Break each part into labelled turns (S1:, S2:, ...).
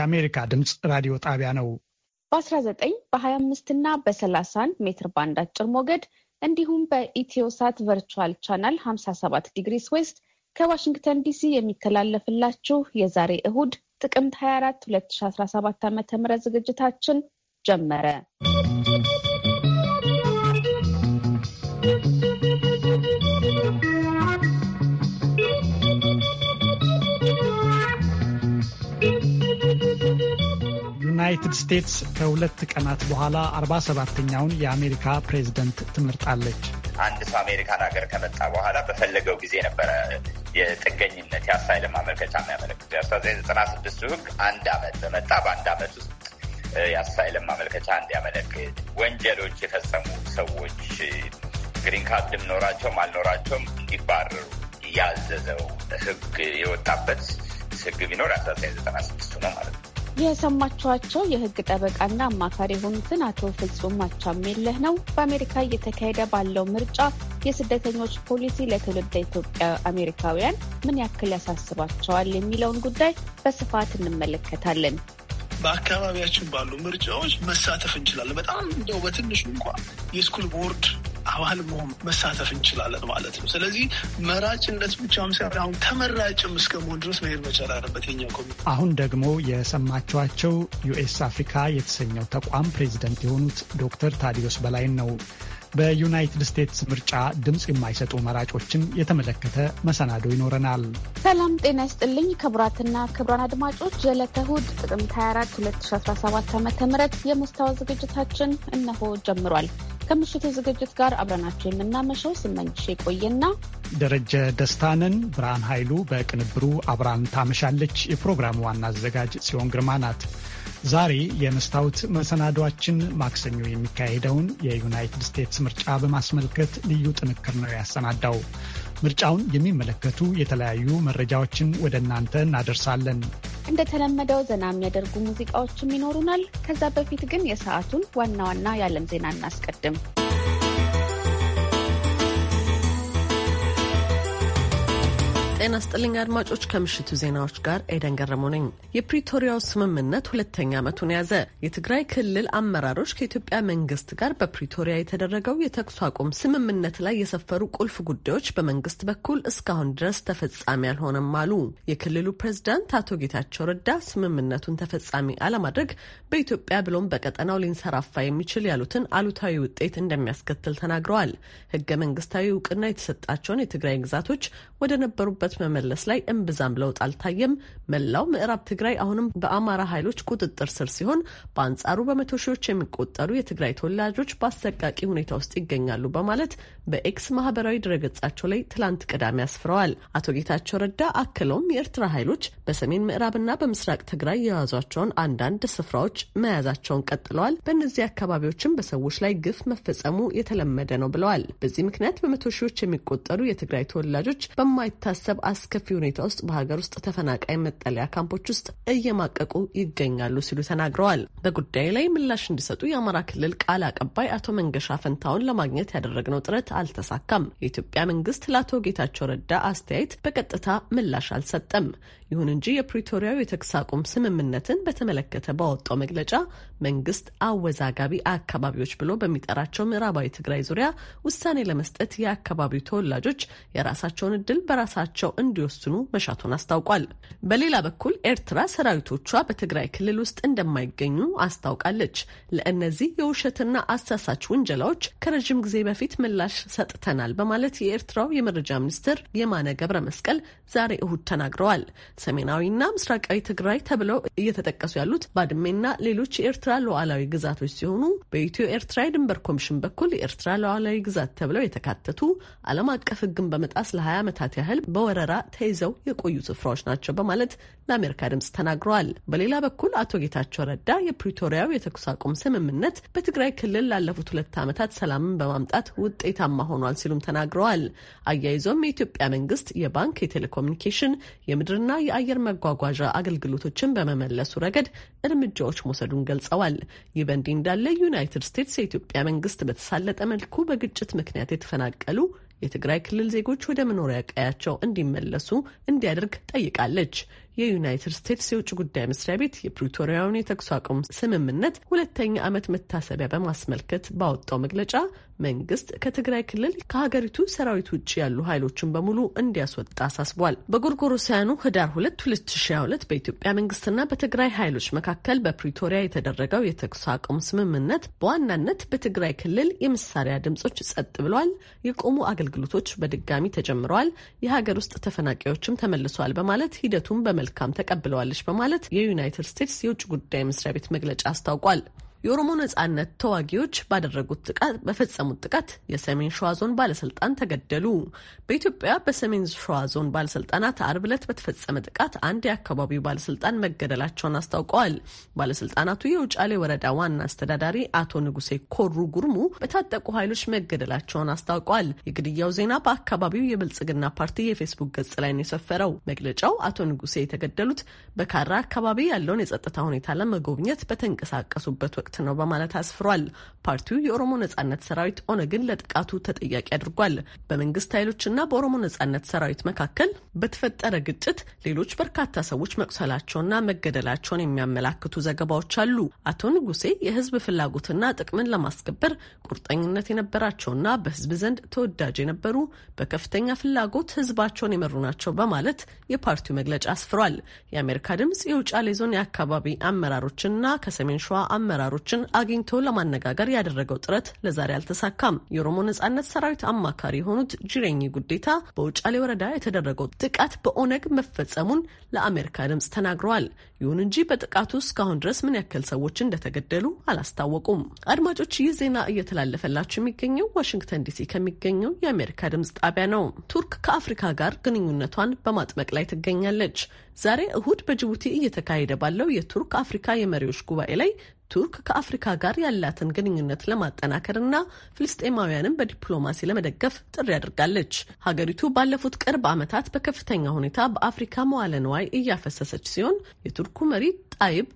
S1: የአሜሪካ ድምፅ ራዲዮ ጣቢያ ነው።
S2: በ19 በ25 እና በ31 ሜትር ባንድ አጭር ሞገድ እንዲሁም በኢትዮሳት ቨርቹዋል ቻናል 57 ዲግሪስ ዌስት ከዋሽንግተን ዲሲ የሚተላለፍላችሁ የዛሬ እሁድ ጥቅምት 24 2017 ዓ ም ዝግጅታችን ጀመረ።
S1: ዩናይትድ ስቴትስ ከሁለት ቀናት በኋላ 47ኛውን የአሜሪካ ፕሬዝደንት ትመርጣለች።
S3: አንድ ሰው አሜሪካን ሀገር ከመጣ በኋላ በፈለገው ጊዜ ነበረ የጥገኝነት የአሳይለም ማመልከቻ የሚያመለክቱ የ1996 ህግ አንድ ዓመት በመጣ በአንድ ዓመት ውስጥ የአሳይለም ማመልከቻ እንዲያመለክት ወንጀሎች የፈጸሙ ሰዎች ግሪን ካርድም ኖራቸውም አልኖራቸውም እንዲባረሩ ያዘዘው ህግ የወጣበት ህግ ቢኖር 1996 ነው ማለት ነው።
S2: የሰማችኋቸው የህግ ጠበቃና አማካሪ የሆኑትን አቶ ፍጹም አቻሜለህ ነው። በአሜሪካ እየተካሄደ ባለው ምርጫ የስደተኞች ፖሊሲ ለትውልደ ኢትዮጵያ አሜሪካውያን ምን ያክል ያሳስባቸዋል የሚለውን ጉዳይ በስፋት እንመለከታለን።
S4: በአካባቢያችን ባሉ ምርጫዎች መሳተፍ እንችላለን። በጣም እንደው በትንሹ እንኳ የስኩል ቦርድ አባል መሆን መሳተፍ እንችላለን ማለት ነው። ስለዚህ መራጭነት ብቻም ሳይሆን አሁን ተመራጭም እስከ መሆን ድረስ መሄድ መቻል አለበት የኛው ኮሚቴ።
S1: አሁን ደግሞ የሰማችኋቸው ዩኤስ አፍሪካ የተሰኘው ተቋም ፕሬዚደንት የሆኑት ዶክተር ታዲዮስ በላይን ነው። በዩናይትድ ስቴትስ ምርጫ ድምፅ የማይሰጡ መራጮችን የተመለከተ መሰናዶ ይኖረናል።
S2: ሰላም ጤና ይስጥልኝ ክቡራትና ክቡራን አድማጮች የዕለተ እሑድ ጥቅምት 24 2017 ዓ ም የመስታወት ዝግጅታችን እነሆ ጀምሯል። ከምሽቱ ዝግጅት ጋር አብረናችሁ የምናመሸው ስመኝሽ የቆየና
S1: ደረጀ ደስታንን። ብርሃን ኃይሉ በቅንብሩ አብራን ታመሻለች። የፕሮግራሙ ዋና አዘጋጅ ሲሆን ግርማ ናት። ዛሬ የመስታወት መሰናዷችን ማክሰኞ የሚካሄደውን የዩናይትድ ስቴትስ ምርጫ በማስመልከት ልዩ ጥንክር ነው ያሰናዳው። ምርጫውን የሚመለከቱ የተለያዩ መረጃዎችን ወደ እናንተ እናደርሳለን።
S2: እንደተለመደው ዘና የሚያደርጉ ሙዚቃዎችም ይኖሩናል። ከዛ በፊት ግን የሰዓቱን ዋና ዋና የዓለም ዜና
S5: እናስቀድም። ጤና ስጥልኝ አድማጮች፣ ከምሽቱ ዜናዎች ጋር ኤደን ገረሙ ነኝ። የፕሪቶሪያው ስምምነት ሁለተኛ ዓመቱን ያዘ። የትግራይ ክልል አመራሮች ከኢትዮጵያ መንግስት ጋር በፕሪቶሪያ የተደረገው የተኩስ አቁም ስምምነት ላይ የሰፈሩ ቁልፍ ጉዳዮች በመንግስት በኩል እስካሁን ድረስ ተፈጻሚ አልሆነም አሉ። የክልሉ ፕሬዝዳንት አቶ ጌታቸው ረዳ ስምምነቱን ተፈጻሚ አለማድረግ በኢትዮጵያ ብሎም በቀጠናው ሊንሰራፋ የሚችል ያሉትን አሉታዊ ውጤት እንደሚያስከትል ተናግረዋል። ህገ መንግስታዊ እውቅና የተሰጣቸውን የትግራይ ግዛቶች ወደ ነበሩበት ግዛት መመለስ ላይ እምብዛም ለውጥ አልታየም። መላው ምዕራብ ትግራይ አሁንም በአማራ ኃይሎች ቁጥጥር ስር ሲሆን፣ በአንጻሩ በመቶ ሺዎች የሚቆጠሩ የትግራይ ተወላጆች በአሰቃቂ ሁኔታ ውስጥ ይገኛሉ በማለት በኤክስ ማህበራዊ ድረገጻቸው ላይ ትላንት ቅዳሜ አስፍረዋል። አቶ ጌታቸው ረዳ አክለውም የኤርትራ ኃይሎች በሰሜን ምዕራብና በምስራቅ ትግራይ የያዟቸውን አንዳንድ ስፍራዎች መያዛቸውን ቀጥለዋል። በእነዚህ አካባቢዎችም በሰዎች ላይ ግፍ መፈጸሙ የተለመደ ነው ብለዋል። በዚህ ምክንያት በመቶ ሺዎች የሚቆጠሩ የትግራይ ተወላጆች በማይታሰብ አስከፊ ሁኔታ ውስጥ በሀገር ውስጥ ተፈናቃይ መጠለያ ካምፖች ውስጥ እየማቀቁ ይገኛሉ ሲሉ ተናግረዋል። በጉዳዩ ላይ ምላሽ እንዲሰጡ የአማራ ክልል ቃል አቀባይ አቶ መንገሻ ፈንታውን ለማግኘት ያደረግነው ጥረት አልተሳካም። የኢትዮጵያ መንግስት ለአቶ ጌታቸው ረዳ አስተያየት በቀጥታ ምላሽ አልሰጠም። ይሁን እንጂ የፕሪቶሪያው የተኩስ አቁም ስምምነትን በተመለከተ ባወጣው መግለጫ መንግስት አወዛጋቢ አካባቢዎች ብሎ በሚጠራቸው ምዕራባዊ ትግራይ ዙሪያ ውሳኔ ለመስጠት የአካባቢው ተወላጆች የራሳቸውን እድል በራሳቸው አድርገው እንዲወስኑ መሻቱን አስታውቋል። በሌላ በኩል ኤርትራ ሰራዊቶቿ በትግራይ ክልል ውስጥ እንደማይገኙ አስታውቃለች። ለእነዚህ የውሸትና አሳሳች ውንጀላዎች ከረዥም ጊዜ በፊት ምላሽ ሰጥተናል በማለት የኤርትራው የመረጃ ሚኒስትር የማነ ገብረ መስቀል ዛሬ እሁድ ተናግረዋል። ሰሜናዊና ምስራቃዊ ትግራይ ተብለው እየተጠቀሱ ያሉት ባድሜና ሌሎች የኤርትራ ሉዓላዊ ግዛቶች ሲሆኑ በኢትዮ ኤርትራ የድንበር ኮሚሽን በኩል የኤርትራ ሉዓላዊ ግዛት ተብለው የተካተቱ ዓለም አቀፍ ሕግን በመጣስ ለ20 ዓመታት ያህል በወረ ወረራ ተይዘው የቆዩ ስፍራዎች ናቸው በማለት ለአሜሪካ ድምጽ ተናግረዋል። በሌላ በኩል አቶ ጌታቸው ረዳ የፕሪቶሪያው የተኩስ አቁም ስምምነት በትግራይ ክልል ላለፉት ሁለት ዓመታት ሰላምን በማምጣት ውጤታማ ሆኗል ሲሉም ተናግረዋል። አያይዞም የኢትዮጵያ መንግስት የባንክ፣ የቴሌኮሙኒኬሽን፣ የምድርና የአየር መጓጓዣ አገልግሎቶችን በመመለሱ ረገድ እርምጃዎች መውሰዱን ገልጸዋል። ይህ በእንዲህ እንዳለ ዩናይትድ ስቴትስ የኢትዮጵያ መንግስት በተሳለጠ መልኩ በግጭት ምክንያት የተፈናቀሉ የትግራይ ክልል ዜጎች ወደ መኖሪያ ቀያቸው እንዲመለሱ እንዲያደርግ ጠይቃለች። የዩናይትድ ስቴትስ የውጭ ጉዳይ መስሪያ ቤት የፕሪቶሪያውን የተኩስ አቁም ስምምነት ሁለተኛ ዓመት መታሰቢያ በማስመልከት ባወጣው መግለጫ መንግስት ከትግራይ ክልል ከሀገሪቱ ሰራዊት ውጭ ያሉ ኃይሎችን በሙሉ እንዲያስወጣ አሳስቧል። በጎርጎሮሳውያኑ ህዳር 2 2022 በኢትዮጵያ መንግስትና በትግራይ ኃይሎች መካከል በፕሪቶሪያ የተደረገው የተኩስ አቁም ስምምነት በዋናነት በትግራይ ክልል የመሳሪያ ድምጾች ጸጥ ብሏል። የቆሙ አገልግሎቶች በድጋሚ ተጀምረዋል፣ የሀገር ውስጥ ተፈናቃዮችም ተመልሰዋል በማለት ሂደቱን በመልክ በመልካም ተቀብለዋለች በማለት የዩናይትድ ስቴትስ የውጭ ጉዳይ መስሪያ ቤት መግለጫ አስታውቋል። የኦሮሞ ነጻነት ተዋጊዎች ባደረጉት ጥቃት በፈጸሙት ጥቃት የሰሜን ሸዋ ዞን ባለስልጣን ተገደሉ። በኢትዮጵያ በሰሜን ሸዋ ዞን ባለስልጣናት አርብ ዕለት በተፈጸመ ጥቃት አንድ የአካባቢው ባለስልጣን መገደላቸውን አስታውቀዋል። ባለስልጣናቱ የውጫሌ ወረዳ ዋና አስተዳዳሪ አቶ ንጉሴ ኮሩ ጉርሙ በታጠቁ ኃይሎች መገደላቸውን አስታውቀዋል። የግድያው ዜና በአካባቢው የብልጽግና ፓርቲ የፌስቡክ ገጽ ላይ ነው የሰፈረው። መግለጫው አቶ ንጉሴ የተገደሉት በካራ አካባቢ ያለውን የጸጥታ ሁኔታ ለመጎብኘት በተንቀሳቀሱበት ወቅት ወቅት ነው በማለት አስፍሯል። ፓርቲው የኦሮሞ ነጻነት ሰራዊት ኦነግን ለጥቃቱ ተጠያቂ አድርጓል። በመንግስት ኃይሎችና በኦሮሞ ነጻነት ሰራዊት መካከል በተፈጠረ ግጭት ሌሎች በርካታ ሰዎች መቁሰላቸውና መገደላቸውን የሚያመላክቱ ዘገባዎች አሉ። አቶ ንጉሴ የህዝብ ፍላጎትና ጥቅምን ለማስከበር ቁርጠኝነት የነበራቸውና በህዝብ ዘንድ ተወዳጅ የነበሩ በከፍተኛ ፍላጎት ህዝባቸውን የመሩ ናቸው በማለት የፓርቲው መግለጫ አስፍሯል። የአሜሪካ ድምጽ የውጫሌ ዞን የአካባቢ አመራሮችና ከሰሜን ሸዋ አመራሮች አመራሮችን አግኝቶ ለማነጋገር ያደረገው ጥረት ለዛሬ አልተሳካም። የኦሮሞ ነጻነት ሰራዊት አማካሪ የሆኑት ጅሬኝ ጉዴታ በውጫሌ ወረዳ የተደረገው ጥቃት በኦነግ መፈጸሙን ለአሜሪካ ድምፅ ተናግረዋል። ይሁን እንጂ በጥቃቱ እስካሁን ድረስ ምን ያክል ሰዎች እንደተገደሉ አላስታወቁም። አድማጮች፣ ይህ ዜና እየተላለፈላችሁ የሚገኘው ዋሽንግተን ዲሲ ከሚገኘው የአሜሪካ ድምፅ ጣቢያ ነው። ቱርክ ከአፍሪካ ጋር ግንኙነቷን በማጥመቅ ላይ ትገኛለች። ዛሬ እሁድ በጅቡቲ እየተካሄደ ባለው የቱርክ አፍሪካ የመሪዎች ጉባኤ ላይ ቱርክ ከአፍሪካ ጋር ያላትን ግንኙነት ለማጠናከርና ፍልስጤማውያንን በዲፕሎማሲ ለመደገፍ ጥሪ አድርጋለች። ሀገሪቱ ባለፉት ቅርብ ዓመታት በከፍተኛ ሁኔታ በአፍሪካ መዋለ ንዋይ እያፈሰሰች ሲሆን የቱርኩ መሪ ጣይብ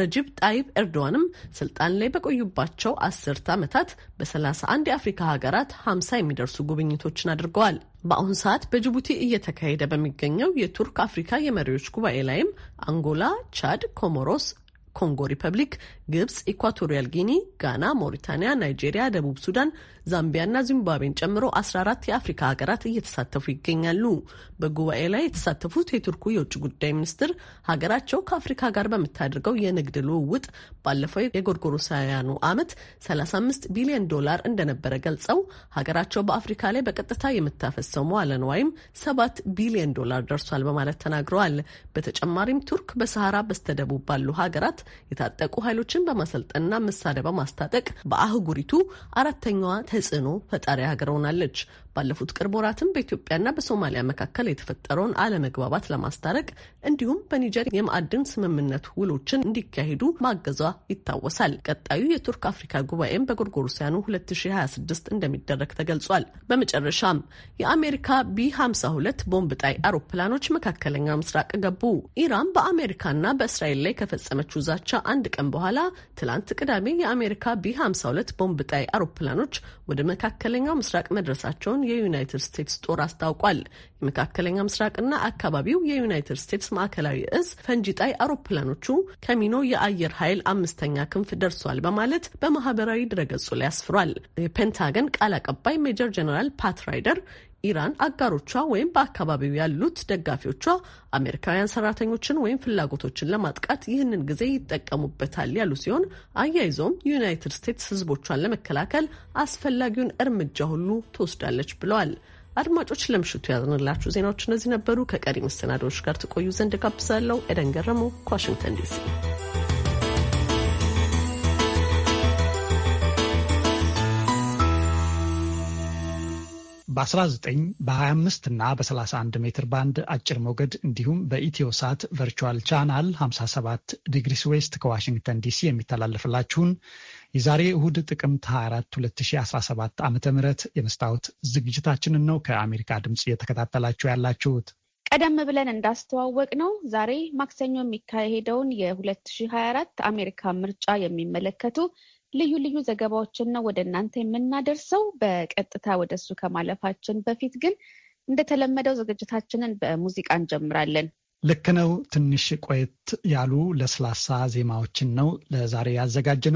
S5: ረጅብ ጣይብ ኤርዶዋንም ስልጣን ላይ በቆዩባቸው አስርት ዓመታት በ31 የአፍሪካ ሀገራት 50 የሚደርሱ ጉብኝቶችን አድርገዋል። በአሁኑ ሰዓት በጅቡቲ እየተካሄደ በሚገኘው የቱርክ አፍሪካ የመሪዎች ጉባኤ ላይም አንጎላ፣ ቻድ፣ ኮሞሮስ፣ ኮንጎ ሪፐብሊክ፣ ግብጽ፣ ኢኳቶሪያል ጊኒ፣ ጋና፣ ሞሪታንያ፣ ናይጄሪያ፣ ደቡብ ሱዳን፣ ዛምቢያና ዚምባብዌን ጨምሮ 14 የአፍሪካ ሀገራት እየተሳተፉ ይገኛሉ። በጉባኤ ላይ የተሳተፉት የቱርኩ የውጭ ጉዳይ ሚኒስትር ሀገራቸው ከአፍሪካ ጋር በምታደርገው የንግድ ልውውጥ ባለፈው የጎርጎሮሳውያኑ ዓመት 35 ቢሊዮን ዶላር እንደነበረ ገልጸው ሀገራቸው በአፍሪካ ላይ በቀጥታ የምታፈሰው መዋለ ንዋይም 7 ቢሊዮን ዶላር ደርሷል በማለት ተናግረዋል። በተጨማሪም ቱርክ በሰሃራ በስተደቡብ ባሉ ሀገራት የታጠቁ ኃይሎችን በማሰልጠንና መሳሪያ በማስታጠቅ በአህጉሪቱ አራተኛዋ ተጽዕኖ ፈጣሪ ሀገር ሆናለች። ባለፉት ቅርብ ወራትም በኢትዮጵያና በሶማሊያ መካከል የተፈጠረውን አለመግባባት ለማስታረቅ እንዲሁም በኒጀር የማዕድን ስምምነት ውሎችን እንዲካሄዱ ማገዟ ይታወሳል። ቀጣዩ የቱርክ አፍሪካ ጉባኤም በጎርጎሮሲያኑ 2026 እንደሚደረግ ተገልጿል። በመጨረሻም የአሜሪካ ቢ52 ቦምብ ጣይ አውሮፕላኖች መካከለኛ ምስራቅ ገቡ። ኢራን በአሜሪካና በእስራኤል ላይ ከፈጸመችው ዛቻ አንድ ቀን በኋላ ትላንት ቅዳሜ የአሜሪካ ቢ52 ቦምብ ጣይ አውሮፕላኖች ወደ መካከለኛው ምስራቅ መድረሳቸውን መቀጠሉን የዩናይትድ ስቴትስ ጦር አስታውቋል። የመካከለኛ ምስራቅና አካባቢው የዩናይትድ ስቴትስ ማዕከላዊ እዝ ፈንጂ ጣይ አውሮፕላኖቹ ከሚኖ የአየር ኃይል አምስተኛ ክንፍ ደርሷል በማለት በማህበራዊ ድረገጹ ላይ አስፍሯል። የፔንታገን ቃል አቀባይ ሜጀር ጀነራል ፓት ራይደር ኢራን አጋሮቿ ወይም በአካባቢው ያሉት ደጋፊዎቿ አሜሪካውያን ሰራተኞችን ወይም ፍላጎቶችን ለማጥቃት ይህንን ጊዜ ይጠቀሙበታል ያሉ ሲሆን አያይዘውም ዩናይትድ ስቴትስ ሕዝቦቿን ለመከላከል አስፈላጊውን እርምጃ ሁሉ ትወስዳለች ብለዋል። አድማጮች ለምሽቱ ያዝንላችሁ ዜናዎች እነዚህ ነበሩ። ከቀሪ መሰናዶዎች ጋር ትቆዩ ዘንድ ጋብዛለሁ። ኤደን ገረመው ከዋሽንግተን ዲሲ
S1: በ19 በ25 እና በ31 ሜትር ባንድ አጭር ሞገድ እንዲሁም በኢትዮሳት ቨርቹዋል ቻናል 57 ዲግሪስ ዌስት ከዋሽንግተን ዲሲ የሚተላለፍላችሁን የዛሬ እሁድ ጥቅምት 24 2017 ዓ ም የመስታወት ዝግጅታችንን ነው ከአሜሪካ ድምፅ እየተከታተላችሁ ያላችሁት።
S2: ቀደም ብለን እንዳስተዋወቅ ነው ዛሬ ማክሰኞ የሚካሄደውን የ2024 አሜሪካ ምርጫ የሚመለከቱ ልዩ ልዩ ዘገባዎችን ነው ወደ እናንተ የምናደርሰው። በቀጥታ ወደ እሱ ከማለፋችን በፊት ግን እንደተለመደው ዝግጅታችንን በሙዚቃ እንጀምራለን።
S1: ልክ ነው። ትንሽ ቆየት ያሉ ለስላሳ ዜማዎችን ነው ለዛሬ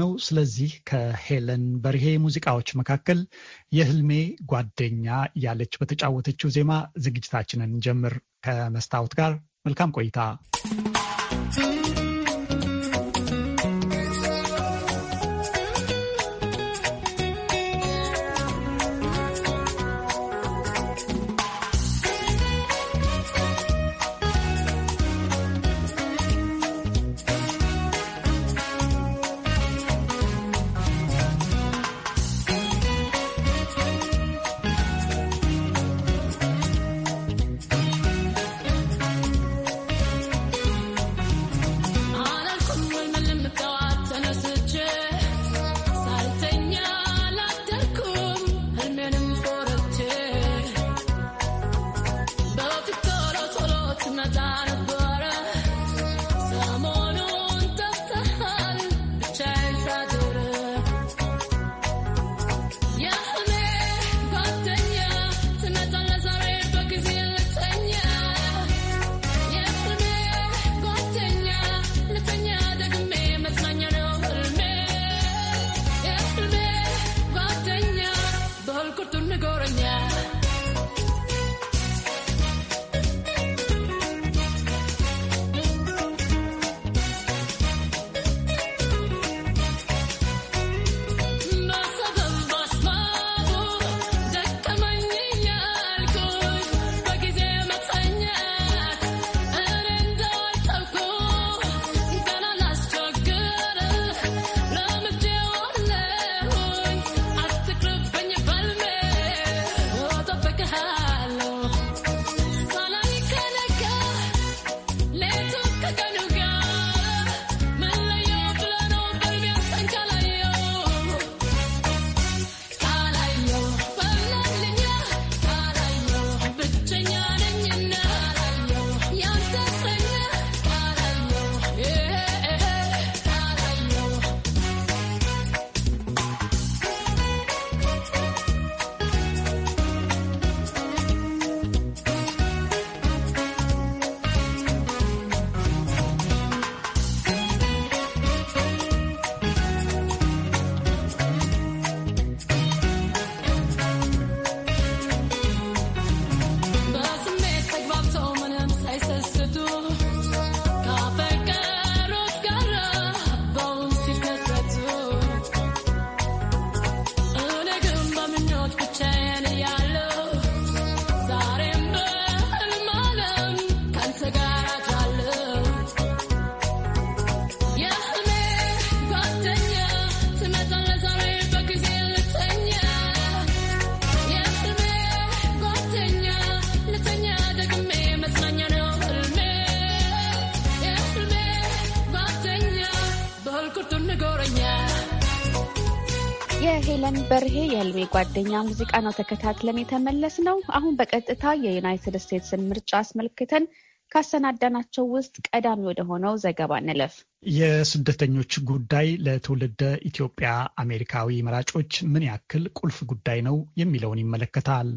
S1: ነው ስለዚህ ከሄለን በርሄ ሙዚቃዎች መካከል የህልሜ ጓደኛ ያለች በተጫወተችው ዜማ ዝግጅታችንን ጀምር። ከመስታወት ጋር መልካም ቆይታ
S2: በርሄ የህልሜ ጓደኛ ሙዚቃ ነው ተከታትለን የተመለስ ነው። አሁን በቀጥታ የዩናይትድ ስቴትስን ምርጫ አስመልክተን ካሰናዳናቸው ውስጥ ቀዳሚ ወደ ሆነው ዘገባ እንለፍ።
S1: የስደተኞች ጉዳይ ለትውልደ ኢትዮጵያ አሜሪካዊ መራጮች ምን ያክል ቁልፍ ጉዳይ ነው የሚለውን ይመለከታል።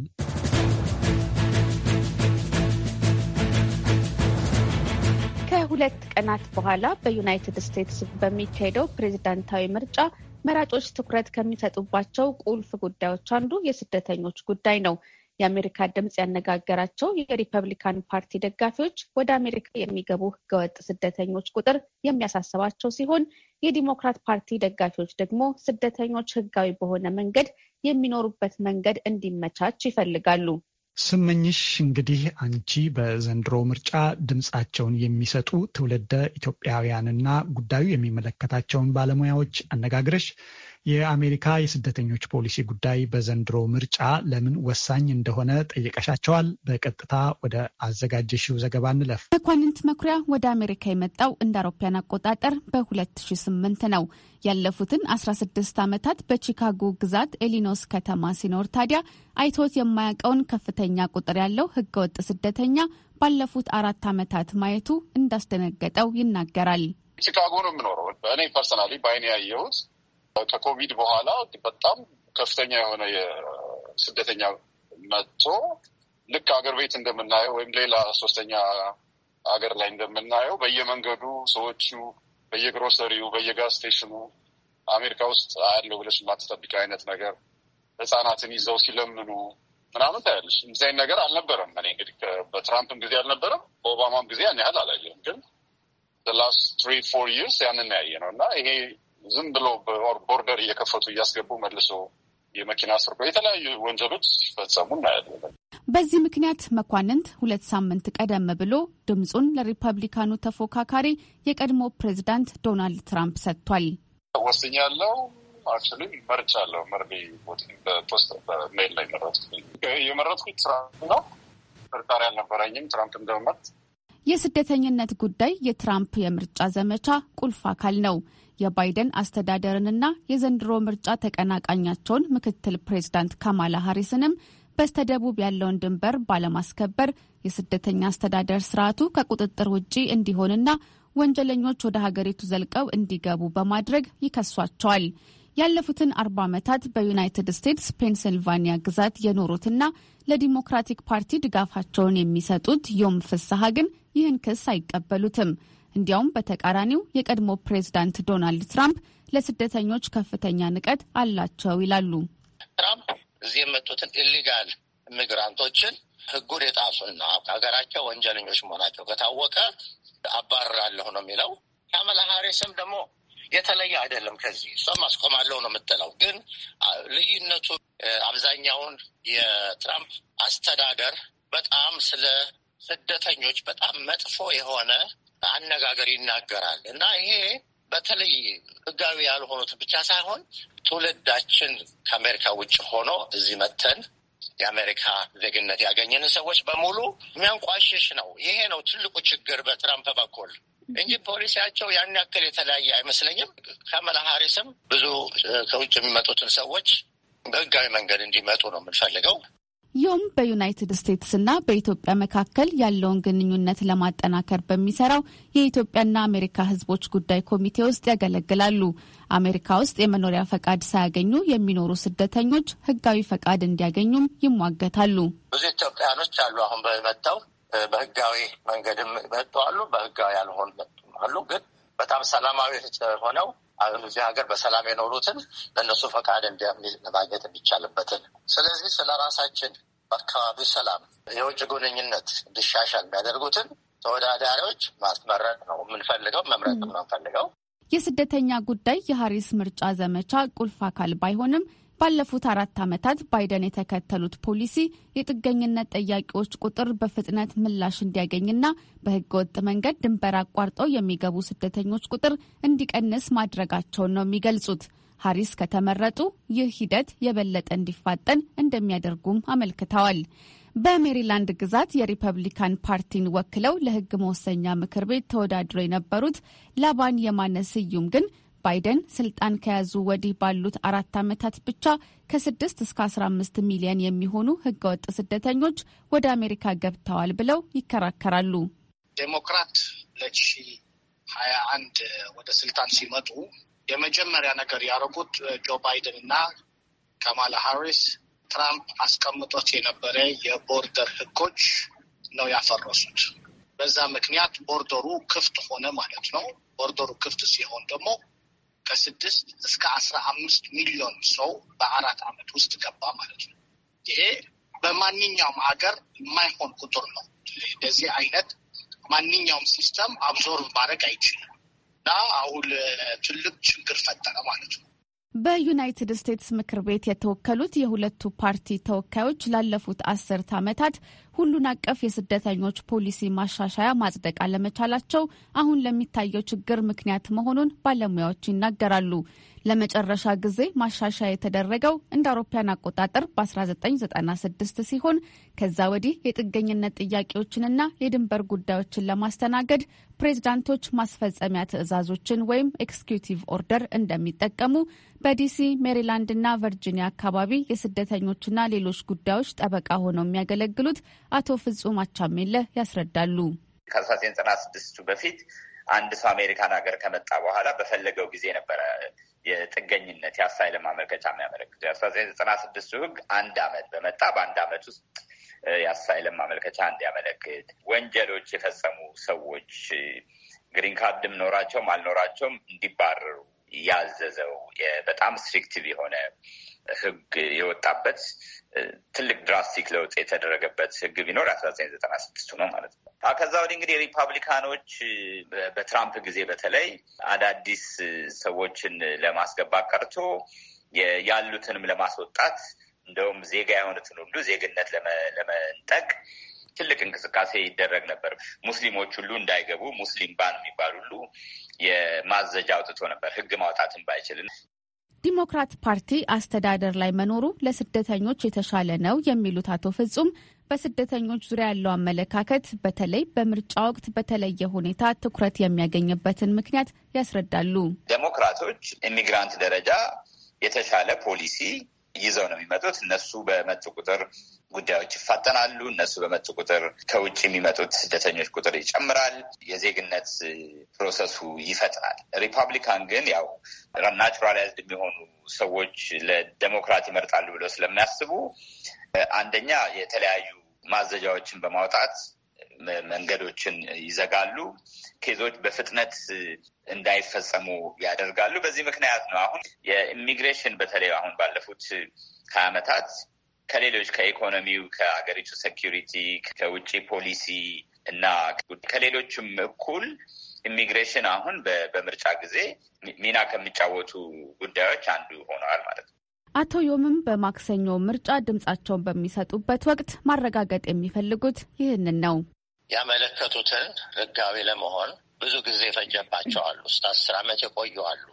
S2: ከሁለት ቀናት በኋላ በዩናይትድ ስቴትስ በሚካሄደው ፕሬዚዳንታዊ ምርጫ መራጮች ትኩረት ከሚሰጡባቸው ቁልፍ ጉዳዮች አንዱ የስደተኞች ጉዳይ ነው። የአሜሪካ ድምፅ ያነጋገራቸው የሪፐብሊካን ፓርቲ ደጋፊዎች ወደ አሜሪካ የሚገቡ ህገወጥ ስደተኞች ቁጥር የሚያሳስባቸው ሲሆን የዲሞክራት ፓርቲ ደጋፊዎች ደግሞ ስደተኞች ህጋዊ በሆነ መንገድ የሚኖሩበት መንገድ እንዲመቻች ይፈልጋሉ።
S1: ስመኝሽ እንግዲህ አንቺ በዘንድሮ ምርጫ ድምፃቸውን የሚሰጡ ትውልደ ኢትዮጵያውያንና ጉዳዩ የሚመለከታቸውን ባለሙያዎች አነጋግረሽ የአሜሪካ የስደተኞች ፖሊሲ ጉዳይ በዘንድሮ ምርጫ ለምን ወሳኝ እንደሆነ ጠይቀሻቸዋል። በቀጥታ ወደ አዘጋጀሽው ዘገባ እንለፍ።
S2: መኳንንት መኩሪያ ወደ አሜሪካ የመጣው እንደ አውሮፓውያን አቆጣጠር በ2008 ነው። ያለፉትን 16 ዓመታት በቺካጎ ግዛት ኤሊኖስ ከተማ ሲኖር ታዲያ አይቶት የማያውቀውን ከፍተኛ ቁጥር ያለው ህገወጥ ስደተኛ ባለፉት አራት ዓመታት ማየቱ እንዳስደነገጠው ይናገራል።
S6: ቺካጎ ነው የምኖረው። እኔ ፐርሰናሊ በአይኔ ያየሁት ከኮቪድ በኋላ በጣም ከፍተኛ የሆነ የስደተኛ መጥቶ ልክ አገር ቤት እንደምናየው ወይም ሌላ ሶስተኛ አገር ላይ እንደምናየው በየመንገዱ ሰዎቹ በየግሮሰሪው በየጋዝ ስቴሽኑ አሜሪካ ውስጥ አያለው ብለሽ የማትጠብቂ አይነት ነገር ህጻናትን ይዘው ሲለምኑ ምናምን ታያለሽ። እንደዚህ አይነት ነገር አልነበረም። እኔ እንግዲህ በትራምፕም ጊዜ አልነበረም፣ በኦባማም ጊዜ ያን ያህል አላየም። ግን ላስት ትሪ ፎር ይርስ ያንን ያየ ነው እና ይሄ ዝም ብሎ ቦርደር እየከፈቱ እያስገቡ መልሶ የመኪና ስርጎ የተለያዩ ወንጀሎች ሲፈጸሙ እናያለን።
S2: በዚህ ምክንያት መኳንንት ሁለት ሳምንት ቀደም ብሎ ድምፁን ለሪፐብሊካኑ ተፎካካሪ የቀድሞ ፕሬዚዳንት ዶናልድ ትራምፕ ሰጥቷል።
S6: ወስኝ ያለው አክቹዋሊ መርጫ አለው መርቤ በፖስት በሜል ላይ መረጥኩኝ። የመረጥኩት ትራምፕ ነው። ጥርጣሬ አልነበረኝም ትራምፕ እንደመርጥ።
S2: የስደተኝነት ጉዳይ የትራምፕ የምርጫ ዘመቻ ቁልፍ አካል ነው። የባይደን አስተዳደርንና የዘንድሮ ምርጫ ተቀናቃኛቸውን ምክትል ፕሬዚዳንት ካማላ ሀሪስንም በስተደቡብ ያለውን ድንበር ባለማስከበር የስደተኛ አስተዳደር ስርዓቱ ከቁጥጥር ውጪ እንዲሆንና ወንጀለኞች ወደ ሀገሪቱ ዘልቀው እንዲገቡ በማድረግ ይከሷቸዋል። ያለፉትን አርባ ዓመታት በዩናይትድ ስቴትስ ፔንሲልቫኒያ ግዛት የኖሩትና ለዲሞክራቲክ ፓርቲ ድጋፋቸውን የሚሰጡት ዮም ፍስሐ ግን ይህን ክስ አይቀበሉትም። እንዲያውም በተቃራኒው የቀድሞ ፕሬዝዳንት ዶናልድ ትራምፕ ለስደተኞች ከፍተኛ ንቀት አላቸው ይላሉ።
S7: ትራምፕ እዚህ የመጡትን ኢሊጋል ሚግራንቶችን ሕጉን የጣሱና ሀገራቸው ወንጀለኞች መሆናቸው ከታወቀ አባርራለሁ ነው የሚለው። ካማላ ሀሪስም ደግሞ የተለየ አይደለም። ከዚህ እሷም አስቆማለሁ ነው የምትለው። ግን ልዩነቱ አብዛኛውን የትራምፕ አስተዳደር በጣም ስለ ስደተኞች በጣም መጥፎ የሆነ አነጋገር ይናገራል እና ይሄ በተለይ ህጋዊ ያልሆኑት ብቻ ሳይሆን ትውልዳችን ከአሜሪካ ውጭ ሆኖ እዚህ መተን የአሜሪካ ዜግነት ያገኘንን ሰዎች በሙሉ የሚያንቋሽሽ ነው። ይሄ ነው ትልቁ ችግር በትራምፕ በኩል እንጂ ፖሊሲያቸው ያን ያክል የተለያየ አይመስለኝም። ካማላ ብዙ ከውጭ የሚመጡትን ሰዎች በህጋዊ መንገድ እንዲመጡ ነው የምንፈልገው።
S2: ይኸውም በዩናይትድ ስቴትስና በኢትዮጵያ መካከል ያለውን ግንኙነት ለማጠናከር በሚሰራው የኢትዮጵያና አሜሪካ ሕዝቦች ጉዳይ ኮሚቴ ውስጥ ያገለግላሉ። አሜሪካ ውስጥ የመኖሪያ ፈቃድ ሳያገኙ የሚኖሩ ስደተኞች ሕጋዊ ፈቃድ እንዲያገኙም ይሟገታሉ።
S7: ብዙ ኢትዮጵያኖች አሉ። አሁን በመጥተው በህጋዊ መንገድም መጥተዋሉ፣ በህጋዊ ያልሆኑ አሉ። ግን በጣም ሰላማዊ ሆነው እዚህ ሀገር በሰላም የኖሩትን በእነሱ ፈቃድ ማግኘት የሚቻልበትን። ስለዚህ ስለ ራሳችን በአካባቢው ሰላም፣ የውጭ ግንኙነት እንዲሻሻል የሚያደርጉትን ተወዳዳሪዎች ማስመረጥ ነው የምንፈልገው፣ መምረጥ ነው የምንፈልገው።
S2: የስደተኛ ጉዳይ የሀሪስ ምርጫ ዘመቻ ቁልፍ አካል ባይሆንም ባለፉት አራት ዓመታት ባይደን የተከተሉት ፖሊሲ የጥገኝነት ጠያቂዎች ቁጥር በፍጥነት ምላሽ እንዲያገኝና በህገወጥ መንገድ ድንበር አቋርጠው የሚገቡ ስደተኞች ቁጥር እንዲቀንስ ማድረጋቸውን ነው የሚገልጹት። ሀሪስ ከተመረጡ ይህ ሂደት የበለጠ እንዲፋጠን እንደሚያደርጉም አመልክተዋል። በሜሪላንድ ግዛት የሪፐብሊካን ፓርቲን ወክለው ለህግ መወሰኛ ምክር ቤት ተወዳድረው የነበሩት ላባን የማነ ስዩም ግን ባይደን ስልጣን ከያዙ ወዲህ ባሉት አራት ዓመታት ብቻ ከስድስት እስከ አስራ አምስት ሚሊዮን የሚሆኑ ህገወጥ ስደተኞች ወደ አሜሪካ ገብተዋል ብለው ይከራከራሉ።
S8: ዴሞክራት ሁለት ሀያ አንድ ወደ ስልጣን ሲመጡ የመጀመሪያ ነገር ያደረጉት ጆ ባይደን እና ካማላ ሃሪስ ትራምፕ አስቀምጦት የነበረ የቦርደር ህጎች ነው ያፈረሱት። በዛ ምክንያት ቦርደሩ ክፍት ሆነ ማለት ነው። ቦርደሩ ክፍት ሲሆን ደግሞ ከስድስት እስከ አስራ አምስት ሚሊዮን ሰው በአራት ዓመት ውስጥ ገባ ማለት ነው። ይሄ በማንኛውም ሀገር የማይሆን ቁጥር ነው። እንደዚህ አይነት ማንኛውም ሲስተም አብዞርቭ ማድረግ አይችልም እና አሁን
S4: ትልቅ ችግር ፈጠረ ማለት ነው።
S2: በዩናይትድ ስቴትስ ምክር ቤት የተወከሉት የሁለቱ ፓርቲ ተወካዮች ላለፉት አስርት ዓመታት ሁሉን አቀፍ የስደተኞች ፖሊሲ ማሻሻያ ማጽደቅ አለመቻላቸው አሁን ለሚታየው ችግር ምክንያት መሆኑን ባለሙያዎች ይናገራሉ። ለመጨረሻ ጊዜ ማሻሻያ የተደረገው እንደ አውሮፓያን አቆጣጠር በ1996 ሲሆን ከዛ ወዲህ የጥገኝነት ጥያቄዎችንና የድንበር ጉዳዮችን ለማስተናገድ ፕሬዝዳንቶች ማስፈጸሚያ ትዕዛዞችን ወይም ኤክስኪዩቲቭ ኦርደር እንደሚጠቀሙ በዲሲ ሜሪላንድና ቨርጂኒያ አካባቢ የስደተኞችና ሌሎች ጉዳዮች ጠበቃ ሆነው የሚያገለግሉት አቶ ፍጹም አቻሜለ ያስረዳሉ።
S3: ከ1996ቱ በፊት አንድ ሰው አሜሪካን ሀገር ከመጣ በኋላ በፈለገው ጊዜ ነበረ የጥገኝነት የአሳይለም ማመልከቻ የሚያመለክቱ የአስራ ዘጠኝ ዘጠና ስድስቱ ህግ አንድ አመት በመጣ በአንድ አመት ውስጥ የአሳይለም ማመልከቻ እንዲያመለክት ወንጀሎች የፈጸሙ ሰዎች ግሪን ካርድም ኖራቸውም አልኖራቸውም እንዲባረሩ ያዘዘው በጣም ስትሪክቲቭ የሆነ ህግ የወጣበት ትልቅ ድራስቲክ ለውጥ የተደረገበት ህግ ቢኖር አስራ ዘጠኝ ዘጠና ስድስቱ ነው ማለት ነው። ከዛ ወዲህ እንግዲህ ሪፐብሊካኖች በትራምፕ ጊዜ በተለይ አዳዲስ ሰዎችን ለማስገባት ቀርቶ ያሉትንም ለማስወጣት እንደውም ዜጋ የሆኑትን ሁሉ ዜግነት ለመንጠቅ ትልቅ እንቅስቃሴ ይደረግ ነበር። ሙስሊሞች ሁሉ እንዳይገቡ ሙስሊም ባን የሚባል ሁሉ የማዘጃ አውጥቶ ነበር ህግ ማውጣትን ባይችልን
S2: ዲሞክራት ፓርቲ አስተዳደር ላይ መኖሩ ለስደተኞች የተሻለ ነው የሚሉት አቶ ፍጹም በስደተኞች ዙሪያ ያለው አመለካከት በተለይ በምርጫ ወቅት በተለየ ሁኔታ ትኩረት የሚያገኝበትን ምክንያት ያስረዳሉ።
S3: ዴሞክራቶች ኢሚግራንት ደረጃ የተሻለ ፖሊሲ ይዘው ነው የሚመጡት። እነሱ በመጡ ቁጥር ጉዳዮች ይፋጠናሉ። እነሱ በመጡ ቁጥር ከውጭ የሚመጡት ስደተኞች ቁጥር ይጨምራል። የዜግነት ፕሮሰሱ ይፈጥናል። ሪፐብሊካን ግን ያው ናቹራላይዝድ የሚሆኑ ሰዎች ለዴሞክራት ይመርጣሉ ብለው ስለሚያስቡ አንደኛ የተለያዩ ማዘጃዎችን በማውጣት መንገዶችን ይዘጋሉ። ኬዞች በፍጥነት እንዳይፈጸሙ ያደርጋሉ። በዚህ ምክንያት ነው አሁን የኢሚግሬሽን በተለይ አሁን ባለፉት ሀያ ዓመታት ከሌሎች ከኢኮኖሚው፣ ከሀገሪቱ ሴኪሪቲ፣ ከውጭ ፖሊሲ እና ከሌሎችም እኩል ኢሚግሬሽን አሁን በምርጫ ጊዜ ሚና ከሚጫወቱ ጉዳዮች አንዱ ሆነዋል ማለት ነው።
S2: አቶ ዮምም በማክሰኞ ምርጫ ድምጻቸውን በሚሰጡበት ወቅት ማረጋገጥ የሚፈልጉት ይህንን ነው።
S7: ያመለከቱትን ህጋዊ ለመሆን ብዙ ጊዜ ፈጀባቸዋሉ። ውስጥ አስር ዓመት የቆዩ አሉ።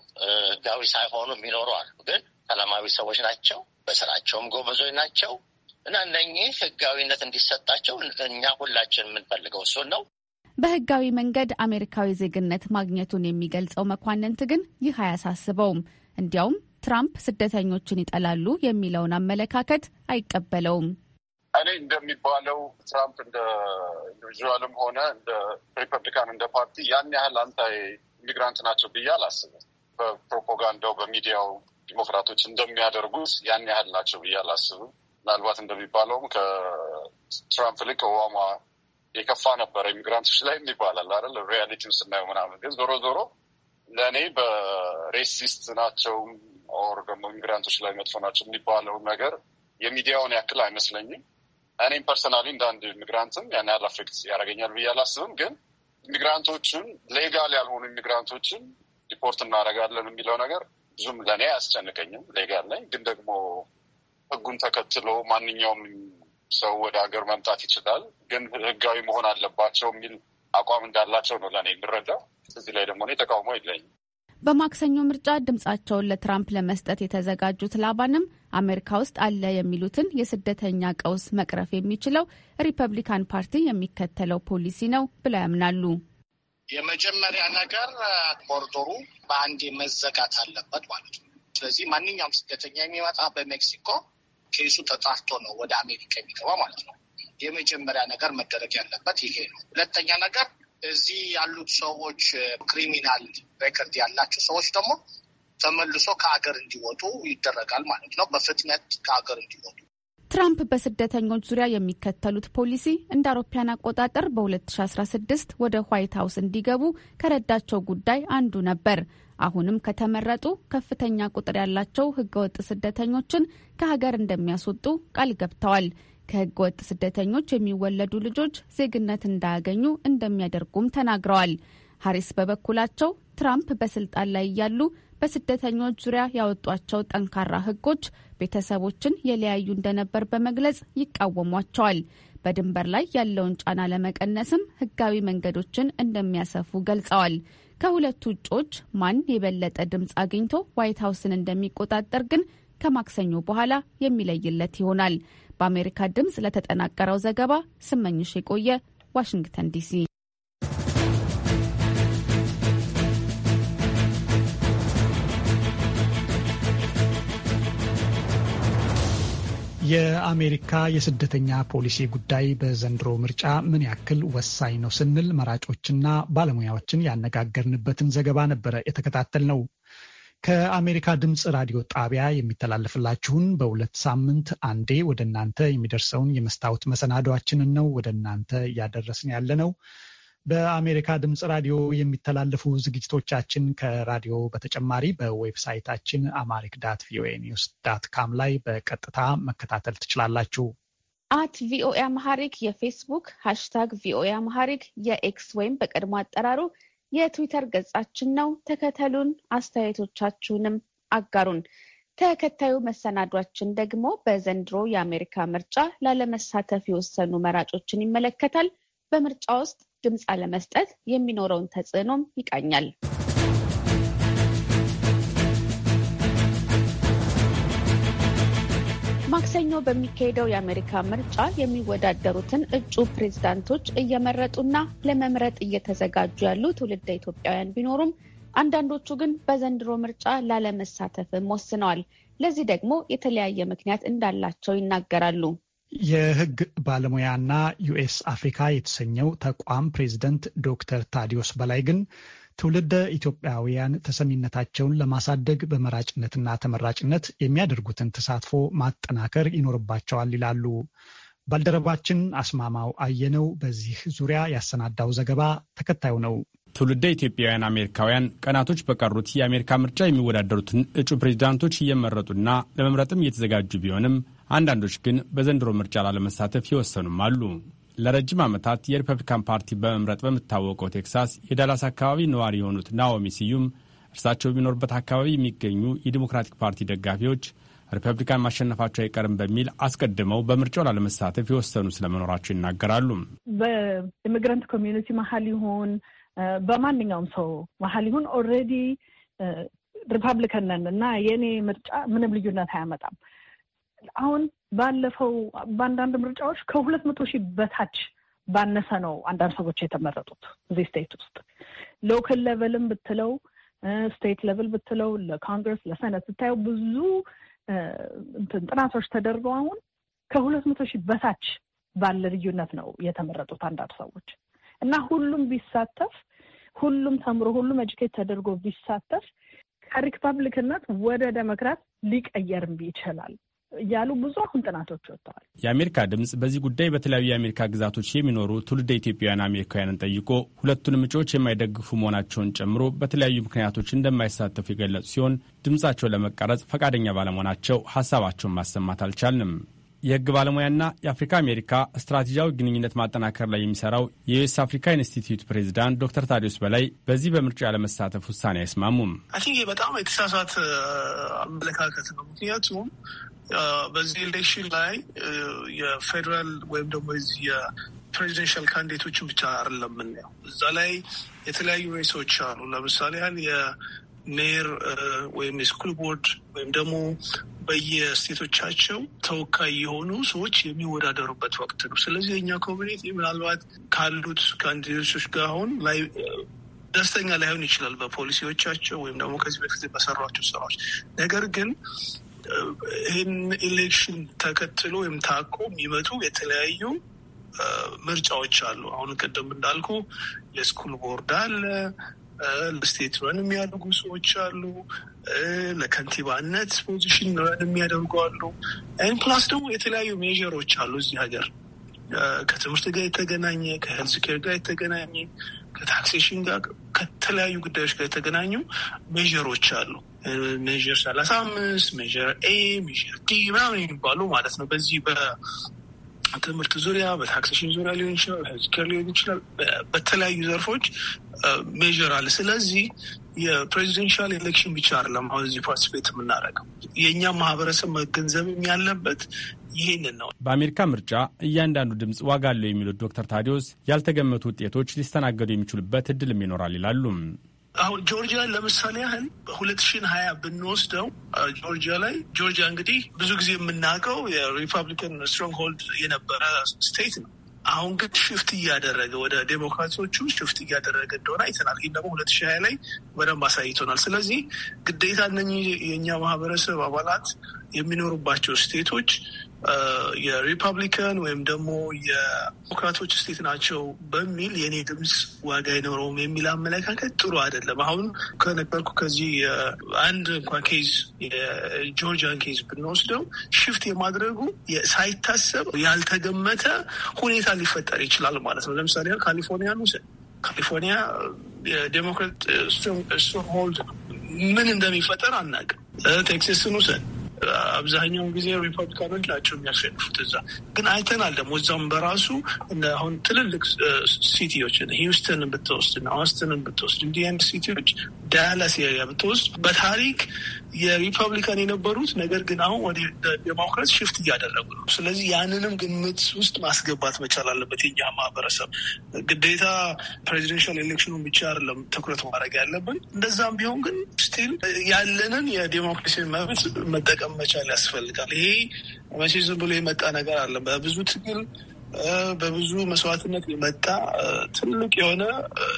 S7: ህጋዊ ሳይሆኑ የሚኖሩ አሉ። ግን ሰላማዊ ሰዎች ናቸው። በስራቸውም ጎበዞች ናቸው እና እነኚህ ህጋዊነት እንዲሰጣቸው እኛ ሁላችን የምንፈልገው እሱን ነው።
S2: በህጋዊ መንገድ አሜሪካዊ ዜግነት ማግኘቱን የሚገልጸው መኳንንት ግን ይህ አያሳስበውም። እንዲያውም ትራምፕ ስደተኞችን ይጠላሉ የሚለውን አመለካከት አይቀበለውም።
S6: እኔ እንደሚባለው ትራምፕ እንደ ኢንዲቪዥዋልም ሆነ እንደ ሪፐብሊካን እንደ ፓርቲ ያን ያህል አንታይ ኢሚግራንት ናቸው ብዬ አላስብም። በፕሮፓጋንዳው በሚዲያው ዲሞክራቶች እንደሚያደርጉት ያን ያህል ናቸው ብዬ አላስብም። ምናልባት እንደሚባለውም ከትራምፕ ልክ ኦባማ የከፋ ነበረ ኢሚግራንቶች ላይ የሚባላል አይደል? ሪያሊቲ ስናየው ምናምን። ግን ዞሮ ዞሮ ለእኔ በሬሲስት ናቸው ኦር ደግሞ ኢሚግራንቶች ላይ መጥፎ ናቸው የሚባለው ነገር የሚዲያውን ያክል አይመስለኝም። እኔም ፐርሰናሊ እንደ አንድ ኢሚግራንትም ያን ያህል አፌክት ያደርገኛል ብዬ አላስብም። ግን ኢሚግራንቶችን ሌጋል ያልሆኑ ኢሚግራንቶችን ዲፖርት እናደርጋለን የሚለው ነገር ብዙም ለእኔ አያስጨንቀኝም። ሌጋል ነኝ። ግን ደግሞ ህጉን ተከትሎ ማንኛውም ሰው ወደ ሀገር መምጣት ይችላል። ግን ህጋዊ መሆን አለባቸው የሚል አቋም እንዳላቸው ነው ለእኔ የምረዳው። እዚህ ላይ ደግሞ እኔ ተቃውሞ የለኝም።
S2: በማክሰኞ ምርጫ ድምጻቸውን ለትራምፕ ለመስጠት የተዘጋጁት ላባንም አሜሪካ ውስጥ አለ የሚሉትን የስደተኛ ቀውስ መቅረፍ የሚችለው ሪፐብሊካን ፓርቲ የሚከተለው ፖሊሲ ነው ብለው ያምናሉ።
S8: የመጀመሪያ ነገር ቦርደሩ በአንዴ መዘጋት አለበት ማለት ነው። ስለዚህ ማንኛውም ስደተኛ የሚመጣ በሜክሲኮ ኬሱ ተጣርቶ ነው ወደ አሜሪካ የሚገባ ማለት ነው። የመጀመሪያ ነገር መደረግ ያለበት ይሄ ነው። ሁለተኛ ነገር እዚህ ያሉት ሰዎች ክሪሚናል ሬከርድ ያላቸው ሰዎች ደግሞ ተመልሶ ከሀገር እንዲወጡ ይደረጋል ማለት ነው። በፍጥነት ከሀገር
S2: እንዲወጡ ትራምፕ በስደተኞች ዙሪያ የሚከተሉት ፖሊሲ እንደ አውሮፓያን አቆጣጠር በ2016 ወደ ዋይት ሀውስ እንዲገቡ ከረዳቸው ጉዳይ አንዱ ነበር። አሁንም ከተመረጡ ከፍተኛ ቁጥር ያላቸው ህገወጥ ስደተኞችን ከሀገር እንደሚያስወጡ ቃል ገብተዋል። ከህገወጥ ስደተኞች የሚወለዱ ልጆች ዜግነት እንዳያገኙ እንደሚያደርጉም ተናግረዋል። ሀሪስ በበኩላቸው ትራምፕ በስልጣን ላይ እያሉ በስደተኞች ዙሪያ ያወጧቸው ጠንካራ ሕጎች ቤተሰቦችን የለያዩ እንደነበር በመግለጽ ይቃወሟቸዋል። በድንበር ላይ ያለውን ጫና ለመቀነስም ህጋዊ መንገዶችን እንደሚያሰፉ ገልጸዋል። ከሁለቱ እጩዎች ማን የበለጠ ድምፅ አግኝቶ ዋይት ሀውስን እንደሚቆጣጠር ግን ከማክሰኞ በኋላ የሚለይለት ይሆናል። በአሜሪካ ድምፅ ለተጠናቀረው ዘገባ ስመኝሽ የቆየ ዋሽንግተን ዲሲ።
S1: የአሜሪካ የስደተኛ ፖሊሲ ጉዳይ በዘንድሮ ምርጫ ምን ያክል ወሳኝ ነው ስንል መራጮችና ባለሙያዎችን ያነጋገርንበትን ዘገባ ነበረ የተከታተል ነው። ከአሜሪካ ድምፅ ራዲዮ ጣቢያ የሚተላለፍላችሁን በሁለት ሳምንት አንዴ ወደ እናንተ የሚደርሰውን የመስታወት መሰናዷችንን ነው ወደ እናንተ እያደረስን ያለ ነው። በአሜሪካ ድምፅ ራዲዮ የሚተላለፉ ዝግጅቶቻችን ከራዲዮ በተጨማሪ በዌብሳይታችን አማሪክ ዳት ቪኦኤ ኒውስ ዳት ካም ላይ በቀጥታ መከታተል ትችላላችሁ።
S2: አት ቪኦኤ አምሃሪክ የፌስቡክ ሃሽታግ ቪኦኤ አምሃሪክ የኤክስ ወይም በቀድሞ አጠራሩ የትዊተር ገጻችን ነው። ተከተሉን፣ አስተያየቶቻችሁንም አጋሩን። ተከታዩ መሰናዷችን ደግሞ በዘንድሮ የአሜሪካ ምርጫ ላለመሳተፍ የወሰኑ መራጮችን ይመለከታል። በምርጫ ውስጥ ድምፅ አለመስጠት የሚኖረውን ተጽዕኖም ይቃኛል። ማክሰኞ በሚካሄደው የአሜሪካ ምርጫ የሚወዳደሩትን እጩ ፕሬዝዳንቶች እየመረጡና ለመምረጥ እየተዘጋጁ ያሉ ትውልደ ኢትዮጵያውያን ቢኖሩም አንዳንዶቹ ግን በዘንድሮ ምርጫ ላለመሳተፍም ወስነዋል። ለዚህ ደግሞ የተለያየ ምክንያት እንዳላቸው ይናገራሉ።
S1: የህግ ባለሙያና ዩኤስ አፍሪካ የተሰኘው ተቋም ፕሬዚደንት ዶክተር ታዲዮስ በላይ ግን ትውልደ ኢትዮጵያውያን ተሰሚነታቸውን ለማሳደግ በመራጭነትና ተመራጭነት የሚያደርጉትን ተሳትፎ ማጠናከር ይኖርባቸዋል ይላሉ። ባልደረባችን አስማማው አየነው በዚህ ዙሪያ ያሰናዳው ዘገባ ተከታዩ ነው።
S9: ትውልደ ኢትዮጵያውያን አሜሪካውያን ቀናቶች በቀሩት የአሜሪካ ምርጫ የሚወዳደሩትን እጩ ፕሬዚዳንቶች እየመረጡና ለመምረጥም እየተዘጋጁ ቢሆንም አንዳንዶች ግን በዘንድሮ ምርጫ ላለመሳተፍ የወሰኑም አሉ። ለረጅም ዓመታት የሪፐብሊካን ፓርቲ በመምረጥ በምታወቀው ቴክሳስ የዳላስ አካባቢ ነዋሪ የሆኑት ናኦሚ ስዩም እርሳቸው በሚኖርበት አካባቢ የሚገኙ የዲሞክራቲክ ፓርቲ ደጋፊዎች ሪፐብሊካን ማሸነፋቸው አይቀርም በሚል አስቀድመው በምርጫው ላለመሳተፍ የወሰኑ ስለመኖራቸው ይናገራሉ።
S5: በኢሚግራንት ኮሚዩኒቲ መሀል ይሁን በማንኛውም ሰው መሀል ይሁን ኦልሬዲ ሪፐብሊካን ነን እና የእኔ ምርጫ ምንም ልዩነት አያመጣም። አሁን ባለፈው በአንዳንድ ምርጫዎች ከሁለት መቶ ሺህ በታች ባነሰ ነው አንዳንድ ሰዎች የተመረጡት እዚህ ስቴት ውስጥ ሎክል ሌቨልም ብትለው ስቴት ሌቭል ብትለው ለካንግረስ ለሰነት ስታየው ብዙ ጥናቶች ተደርገው አሁን ከሁለት መቶ ሺህ በታች ባለ ልዩነት ነው የተመረጡት አንዳንድ ሰዎች እና ሁሉም ቢሳተፍ ሁሉም ተምሮ ሁሉም ኤጁኬት ተደርጎ ቢሳተፍ ከሪፐብሊክነት ወደ ዴሞክራት ሊቀየርም ይችላል እያሉ ብዙ አሁን ጥናቶች ወጥተዋል።
S9: የአሜሪካ ድምፅ በዚህ ጉዳይ በተለያዩ የአሜሪካ ግዛቶች የሚኖሩ ትውልደ ኢትዮጵያውያን አሜሪካውያንን ጠይቆ ሁለቱን እጩዎች የማይደግፉ መሆናቸውን ጨምሮ በተለያዩ ምክንያቶች እንደማይሳተፉ የገለጹ ሲሆን ድምፃቸውን ለመቀረጽ ፈቃደኛ ባለመሆናቸው ሀሳባቸውን ማሰማት አልቻልንም። የህግ ባለሙያና የአፍሪካ አሜሪካ ስትራቴጂያዊ ግንኙነት ማጠናከር ላይ የሚሰራው የዩኤስ አፍሪካ ኢንስቲትዩት ፕሬዚዳንት ዶክተር ታዲዮስ በላይ በዚህ በምርጫ ያለመሳተፍ ውሳኔ አይስማሙም።
S4: አይ ቲንክ በጣም የተሳሳት አመለካከት ነው። ምክንያቱም በዚህ ኤሌክሽን ላይ የፌዴራል ወይም ደግሞ ዚ የፕሬዚደንሻል ካንዲዴቶችን ብቻ አይደለም የምናየው። እዛ ላይ የተለያዩ ሬሶች አሉ። ለምሳሌ ያህል የሜር ወይም የስኩል ቦርድ ወይም ደግሞ በየስቴቶቻቸው ተወካይ የሆኑ ሰዎች የሚወዳደሩበት ወቅት ነው። ስለዚህ የኛ ኮሚኒቲ ምናልባት ካሉት ካንዲዴቶች ጋር አሁን ላይ ደስተኛ ላይሆን ይችላል በፖሊሲዎቻቸው ወይም ደግሞ ከዚህ በፊት በሰሯቸው ስራዎች ነገር ግን ይህን ኢሌክሽን ተከትሎ ወይም ታኮ የሚመጡ የተለያዩ ምርጫዎች አሉ። አሁን ቅድም እንዳልኩ የስኩል ቦርድ አለ፣ ለስቴት ረን የሚያደርጉ ሰዎች አሉ፣ ለከንቲባነት ፖዚሽን ረን የሚያደርጉ አሉ። ፕላስ ደግሞ የተለያዩ ሜዥሮች አሉ እዚህ ሀገር ከትምህርት ጋር የተገናኘ ከሄልዝ ኬር ጋር የተገናኘ ከታክሴሽን ጋር ከተለያዩ ጉዳዮች ጋር የተገናኙ ሜዥሮች አሉ። ሜዥር ሰላሳ አምስት ሜዥር ኤ ሜዥር ዲ ምናምን የሚባሉ ማለት ነው። በዚህ በትምህርት ዙሪያ በታክሴሽን ዙሪያ ሊሆን ይችላል፣ ሄልዝኬር ሊሆን ይችላል። በተለያዩ ዘርፎች ሜዥር አለ። ስለዚህ የፕሬዚደንሻል ኤሌክሽን ብቻ አይደለም አሁን እዚህ ፓርቲስፔት የምናደርገው። የእኛ ማህበረሰብ መገንዘብም ያለበት ይህንን ነው።
S9: በአሜሪካ ምርጫ እያንዳንዱ ድምፅ ዋጋ አለው የሚሉት ዶክተር ታዲዮስ ያልተገመቱ ውጤቶች ሊስተናገዱ የሚችሉበት እድልም ይኖራል ይላሉ።
S4: አሁን ጆርጂያ ለምሳሌ ያህል ሁለት ሺን ሀያ ብንወስደው ጆርጂያ ላይ ጆርጂያ እንግዲህ ብዙ ጊዜ የምናውቀው የሪፐብሊካን ስትሮንግ ሆልድ የነበረ ስቴት ነው። አሁን ግን ሽፍት እያደረገ ወደ ዴሞክራቶቹ ሽፍት እያደረገ እንደሆነ አይተናል። ይህ ደግሞ ሁለት ሺህ ሀያ ላይ በደንብ አሳይቶናል። ስለዚህ ግዴታ እነኚህ የእኛ ማህበረሰብ አባላት የሚኖሩባቸው ስቴቶች የሪፐብሊካን ወይም ደግሞ የዲሞክራቶች ስቴት ናቸው በሚል የእኔ ድምፅ ዋጋ አይኖረውም የሚል አመለካከት ጥሩ አይደለም። አሁን ከነበርኩ ከዚህ አንድ እንኳ ኬዝ የጆርጂያን ኬዝ ብንወስደው ሽፍት የማድረጉ ሳይታሰብ ያልተገመተ ሁኔታ ሊፈጠር ይችላል ማለት ነው። ለምሳሌ ካሊፎርኒያን ውሰድ። ካሊፎርኒያ የዴሞክራት ስትሮንግ ሆልድ ምን እንደሚፈጠር አናውቅም። ቴክሳስን ውሰድ አብዛኛውን ጊዜ ሪፐብሊካኖች ናቸው የሚያሸንፉት። እዛ ግን አይተናል ደግሞ እዛም በራሱ አሁን ትልልቅ ሲቲዎች ሂውስተንን ብትወስድ፣ ኦስትንን ብትወስድ፣ እንዲህ አይነት ሲቲዎች ዳያላስ ብትወስድ በታሪክ የሪፐብሊካን የነበሩት ነገር ግን አሁን ወደ ዴሞክራት ሽፍት እያደረጉ ነው። ስለዚህ ያንንም ግምት ውስጥ ማስገባት መቻል አለበት የኛ ማህበረሰብ። ግዴታ ፕሬዚደንሻል ኤሌክሽኑ ብቻ አይደለም ትኩረት ማድረግ ያለብን። እንደዛም ቢሆን ግን ስቲል ያለንን የዴሞክራሲ መብት መጠቀም መቻል ያስፈልጋል። ይሄ መቼ ዝም ብሎ የመጣ ነገር አለ። በብዙ ትግል በብዙ መስዋዕትነት የመጣ ትልቅ የሆነ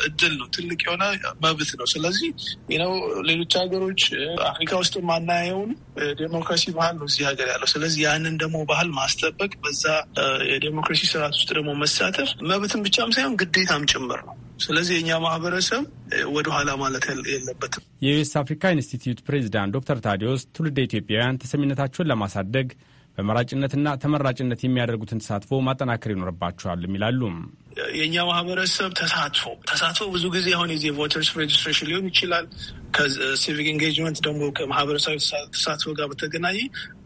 S4: እድል ነው። ትልቅ የሆነ መብት ነው። ስለዚህ ነው ሌሎች ሀገሮች አፍሪካ ውስጥ የማናየውን ዴሞክራሲ ባህል ነው እዚህ ሀገር ያለው። ስለዚህ ያንን ደግሞ ባህል ማስጠበቅ፣ በዛ የዴሞክራሲ ስርዓት ውስጥ ደግሞ መሳተፍ መብትን ብቻም ሳይሆን ግዴታም ጭምር ነው። ስለዚህ የእኛ ማህበረሰብ ወደኋላ ማለት የለበትም።
S9: የዩኤስ አፍሪካ ኢንስቲትዩት ፕሬዚዳንት ዶክተር ታዲዮስ ትውልደ ኢትዮጵያውያን ተሰሚነታቸውን ለማሳደግ በመራጭነትና ተመራጭነት የሚያደርጉትን ተሳትፎ ማጠናከር ይኖርባቸዋልም ይላሉ።
S4: የእኛ ማህበረሰብ ተሳትፎ ተሳትፎ ብዙ ጊዜ አሁን የዚህ ቮተርስ ሬጅስትሬሽን ሊሆን ይችላል። ከሲቪክ ኤንጌጅመንት ደግሞ ከማህበረሰብ ተሳትፎ ጋር በተገናኘ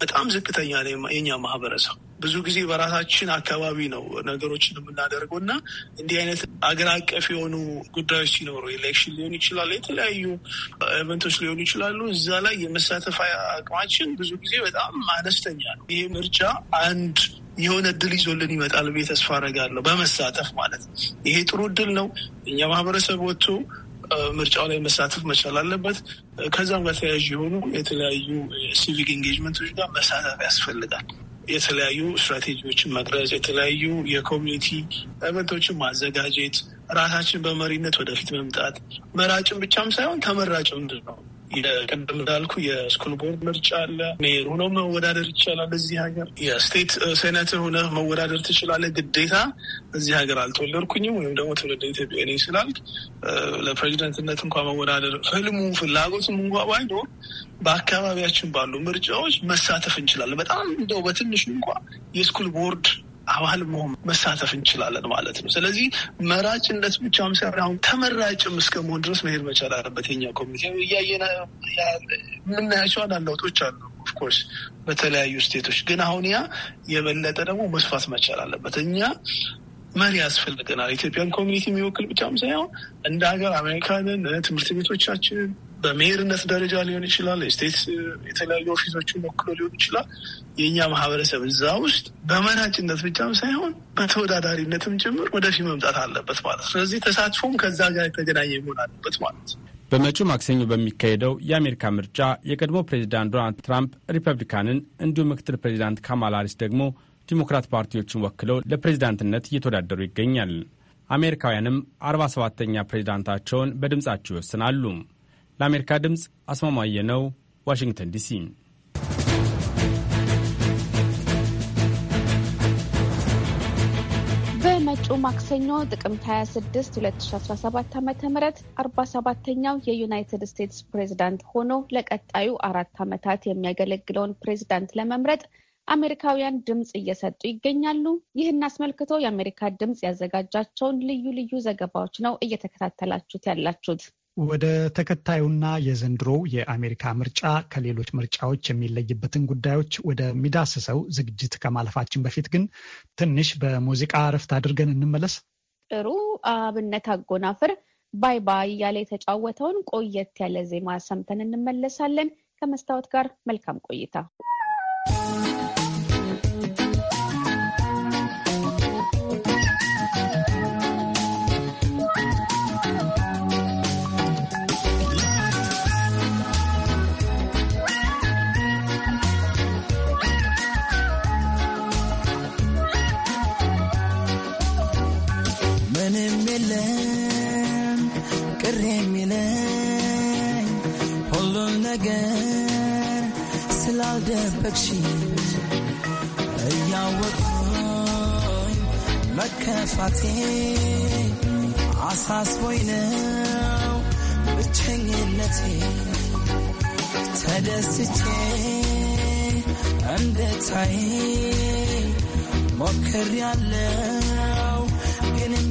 S4: በጣም ዝቅተኛ የኛ ማህበረሰብ ብዙ ጊዜ በራሳችን አካባቢ ነው ነገሮችን የምናደርገው እና እንዲህ አይነት አገር አቀፍ የሆኑ ጉዳዮች ሲኖሩ ኤሌክሽን ሊሆን ይችላል፣ የተለያዩ ኢቨንቶች ሊሆኑ ይችላሉ። እዛ ላይ የመሳተፍ አቅማችን ብዙ ጊዜ በጣም አነስተኛ ነው። ይህ ምርጫ አንድ የሆነ እድል ይዞልን ይመጣል ብዬ ተስፋ አደርጋለሁ። በመሳተፍ ማለት ነው። ይሄ ጥሩ እድል ነው። እኛ ማህበረሰብ ወጥቶ ምርጫው ላይ መሳተፍ መቻል አለበት። ከዛም በተያያዥ የሆኑ የተለያዩ ሲቪክ ኢንጌጅመንቶች ጋር መሳተፍ ያስፈልጋል። የተለያዩ ስትራቴጂዎችን መቅረጽ፣ የተለያዩ የኮሚኒቲ ኤቨንቶችን ማዘጋጀት፣ ራሳችን በመሪነት ወደፊት መምጣት መራጭን ብቻም ሳይሆን ተመራጭ ምንድን ነው ቅድም እንዳልኩ የስኩል ቦርድ ምርጫ አለ። ሜየር ሆኖ መወዳደር ይቻላል። እዚህ ሀገር የስቴት ሴኔተር ሆነ መወዳደር ትችላለህ። ግዴታ እዚህ ሀገር አልተወለድኩኝም ወይም ደግሞ ትውልደ ኢትዮጵያ ነኝ ስላልክ ለፕሬዚደንትነት እንኳ መወዳደር ህልሙ ፍላጎትም እንኳ ባይኖር በአካባቢያችን ባሉ ምርጫዎች መሳተፍ እንችላለን። በጣም እንደው በትንሹ እንኳ የስኩል ቦርድ አባል መሆን መሳተፍ እንችላለን ማለት ነው። ስለዚህ መራጭነት ብቻም ሳይሆን ተመራጭም እስከ መሆን ድረስ መሄድ መቻል አለበት። የኛ ኮሚቴ እያየን የምናያቸው አንዳንድ ለውጦች አሉ። ኦፍኮርስ በተለያዩ ስቴቶች ግን አሁን ያ የበለጠ ደግሞ መስፋት መቻል አለበት። እኛ መሪ ያስፈልገናል። ኢትዮጵያን ኮሚኒቲ የሚወክል ብቻም ሳይሆን እንደ ሀገር አሜሪካንን ትምህርት ቤቶቻችንን በሜርነት ደረጃ ሊሆን ይችላል፣ ስቴት የተለያዩ ኦፊሶችን ወክሎ ሊሆን ይችላል። የእኛ ማህበረሰብ እዛ ውስጥ በመራጭነት ብቻም ሳይሆን በተወዳዳሪነትም ጭምር ወደፊት መምጣት አለበት ማለት ነው። ስለዚህ ተሳትፎም ከዛ ጋር የተገናኘ መሆን አለበት ማለት ነው።
S9: በመጪው ማክሰኞ በሚካሄደው የአሜሪካ ምርጫ የቀድሞ ፕሬዚዳንት ዶናልድ ትራምፕ ሪፐብሊካንን እንዲሁም ምክትል ፕሬዚዳንት ካማላ ሃሪስ ደግሞ ዲሞክራት ፓርቲዎችን ወክለው ለፕሬዚዳንትነት እየተወዳደሩ ይገኛል። አሜሪካውያንም አርባ ሰባተኛ ፕሬዚዳንታቸውን በድምፃቸው ይወስናሉ። ለአሜሪካ ድምፅ አስማማየ ነው፣ ዋሽንግተን ዲሲ።
S2: በመጪው ማክሰኞ ጥቅምት 26 2017 ዓ ም 47ኛው የዩናይትድ ስቴትስ ፕሬዝዳንት ሆኖ ለቀጣዩ አራት ዓመታት የሚያገለግለውን ፕሬዝዳንት ለመምረጥ አሜሪካውያን ድምፅ እየሰጡ ይገኛሉ። ይህን አስመልክቶ የአሜሪካ ድምፅ ያዘጋጃቸውን ልዩ ልዩ ዘገባዎች ነው እየተከታተላችሁት ያላችሁት።
S1: ወደ ተከታዩና የዘንድሮው የአሜሪካ ምርጫ ከሌሎች ምርጫዎች የሚለይበትን ጉዳዮች ወደሚዳስሰው ዝግጅት ከማለፋችን በፊት ግን ትንሽ በሙዚቃ እረፍት አድርገን እንመለስ።
S2: ጥሩ አብነት አጎናፍር ባይ ባይ እያለ የተጫወተውን ቆየት ያለ ዜማ ሰምተን እንመለሳለን። ከመስታወት ጋር መልካም ቆይታ
S10: የለም ቅር የሚለኝ ሁሉን ነገር ስላልደበቅሽ እያወቅኩኝ መከፋቴ አሳስቦኝ ነው ብቸኝነቴ ተደስቼ ሞክር ሞክሬያለሁ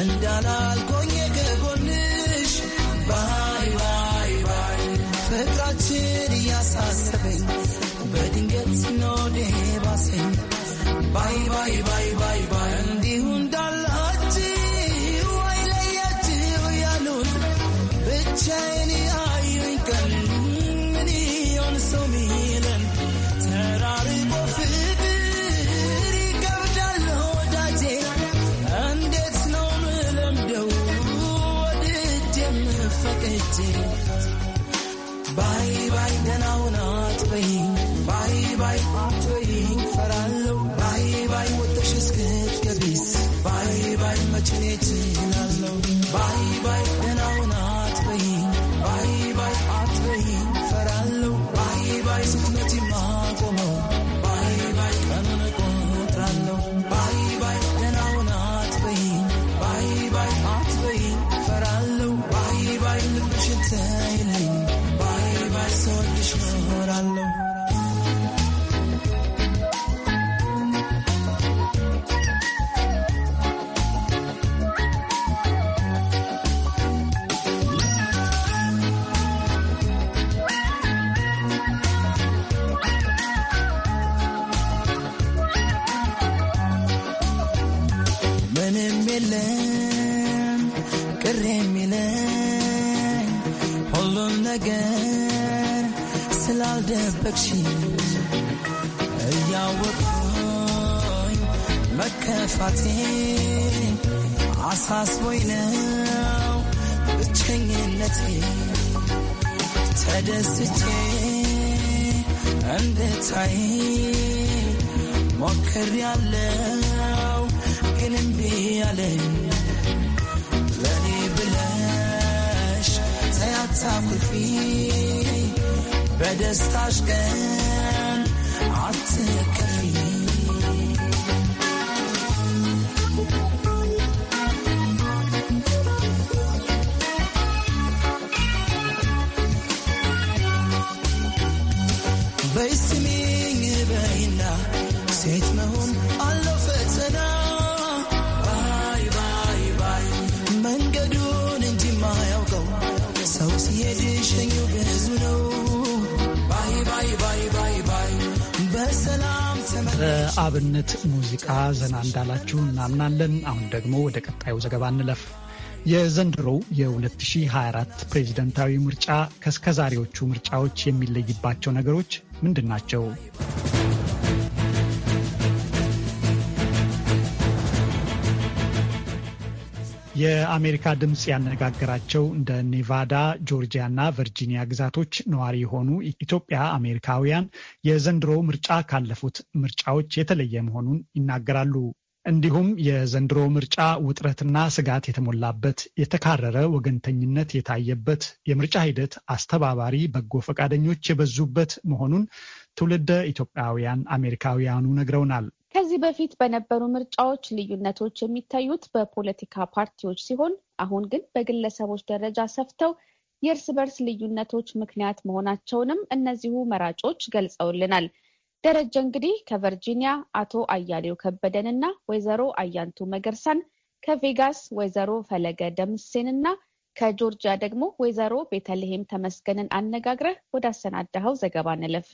S10: and እንዳፈቅሽኝ እያወቅኝ መከፋቴን አሳስቦኝ ነው ብቸኝነቴ ተደስቼ እንድታይ ሞክሬያለሁ ግን እምቢ አለኝ ለእኔ ብለሽ ተያታኩፊ በደስታሽ ቀን አትከ
S1: የአብነት ሙዚቃ ዘና እንዳላችሁ እናምናለን። አሁን ደግሞ ወደ ቀጣዩ ዘገባ እንለፍ። የዘንድሮው የ2024 ፕሬዚደንታዊ ምርጫ ከእስከዛሬዎቹ ምርጫዎች የሚለይባቸው ነገሮች ምንድን ናቸው? የአሜሪካ ድምፅ ያነጋገራቸው እንደ ኔቫዳ፣ ጆርጂያ እና ቨርጂኒያ ግዛቶች ነዋሪ የሆኑ ኢትዮጵያ አሜሪካውያን የዘንድሮ ምርጫ ካለፉት ምርጫዎች የተለየ መሆኑን ይናገራሉ። እንዲሁም የዘንድሮ ምርጫ ውጥረትና ስጋት የተሞላበት የተካረረ ወገንተኝነት የታየበት የምርጫ ሂደት አስተባባሪ በጎ ፈቃደኞች የበዙበት መሆኑን ትውልደ ኢትዮጵያውያን አሜሪካውያኑ ነግረውናል።
S2: ከዚህ በፊት በነበሩ ምርጫዎች ልዩነቶች የሚታዩት በፖለቲካ ፓርቲዎች ሲሆን አሁን ግን በግለሰቦች ደረጃ ሰፍተው የእርስ በርስ ልዩነቶች ምክንያት መሆናቸውንም እነዚሁ መራጮች ገልጸውልናል። ደረጀ እንግዲህ ከቨርጂኒያ አቶ አያሌው ከበደን እና ወይዘሮ አያንቱ መገርሳን ከቬጋስ ወይዘሮ ፈለገ ደምሴን እና ከጆርጂያ ደግሞ ወይዘሮ ቤተልሔም ተመስገንን አነጋግረህ ወዳሰናዳኸው ዘገባ ንለፍ።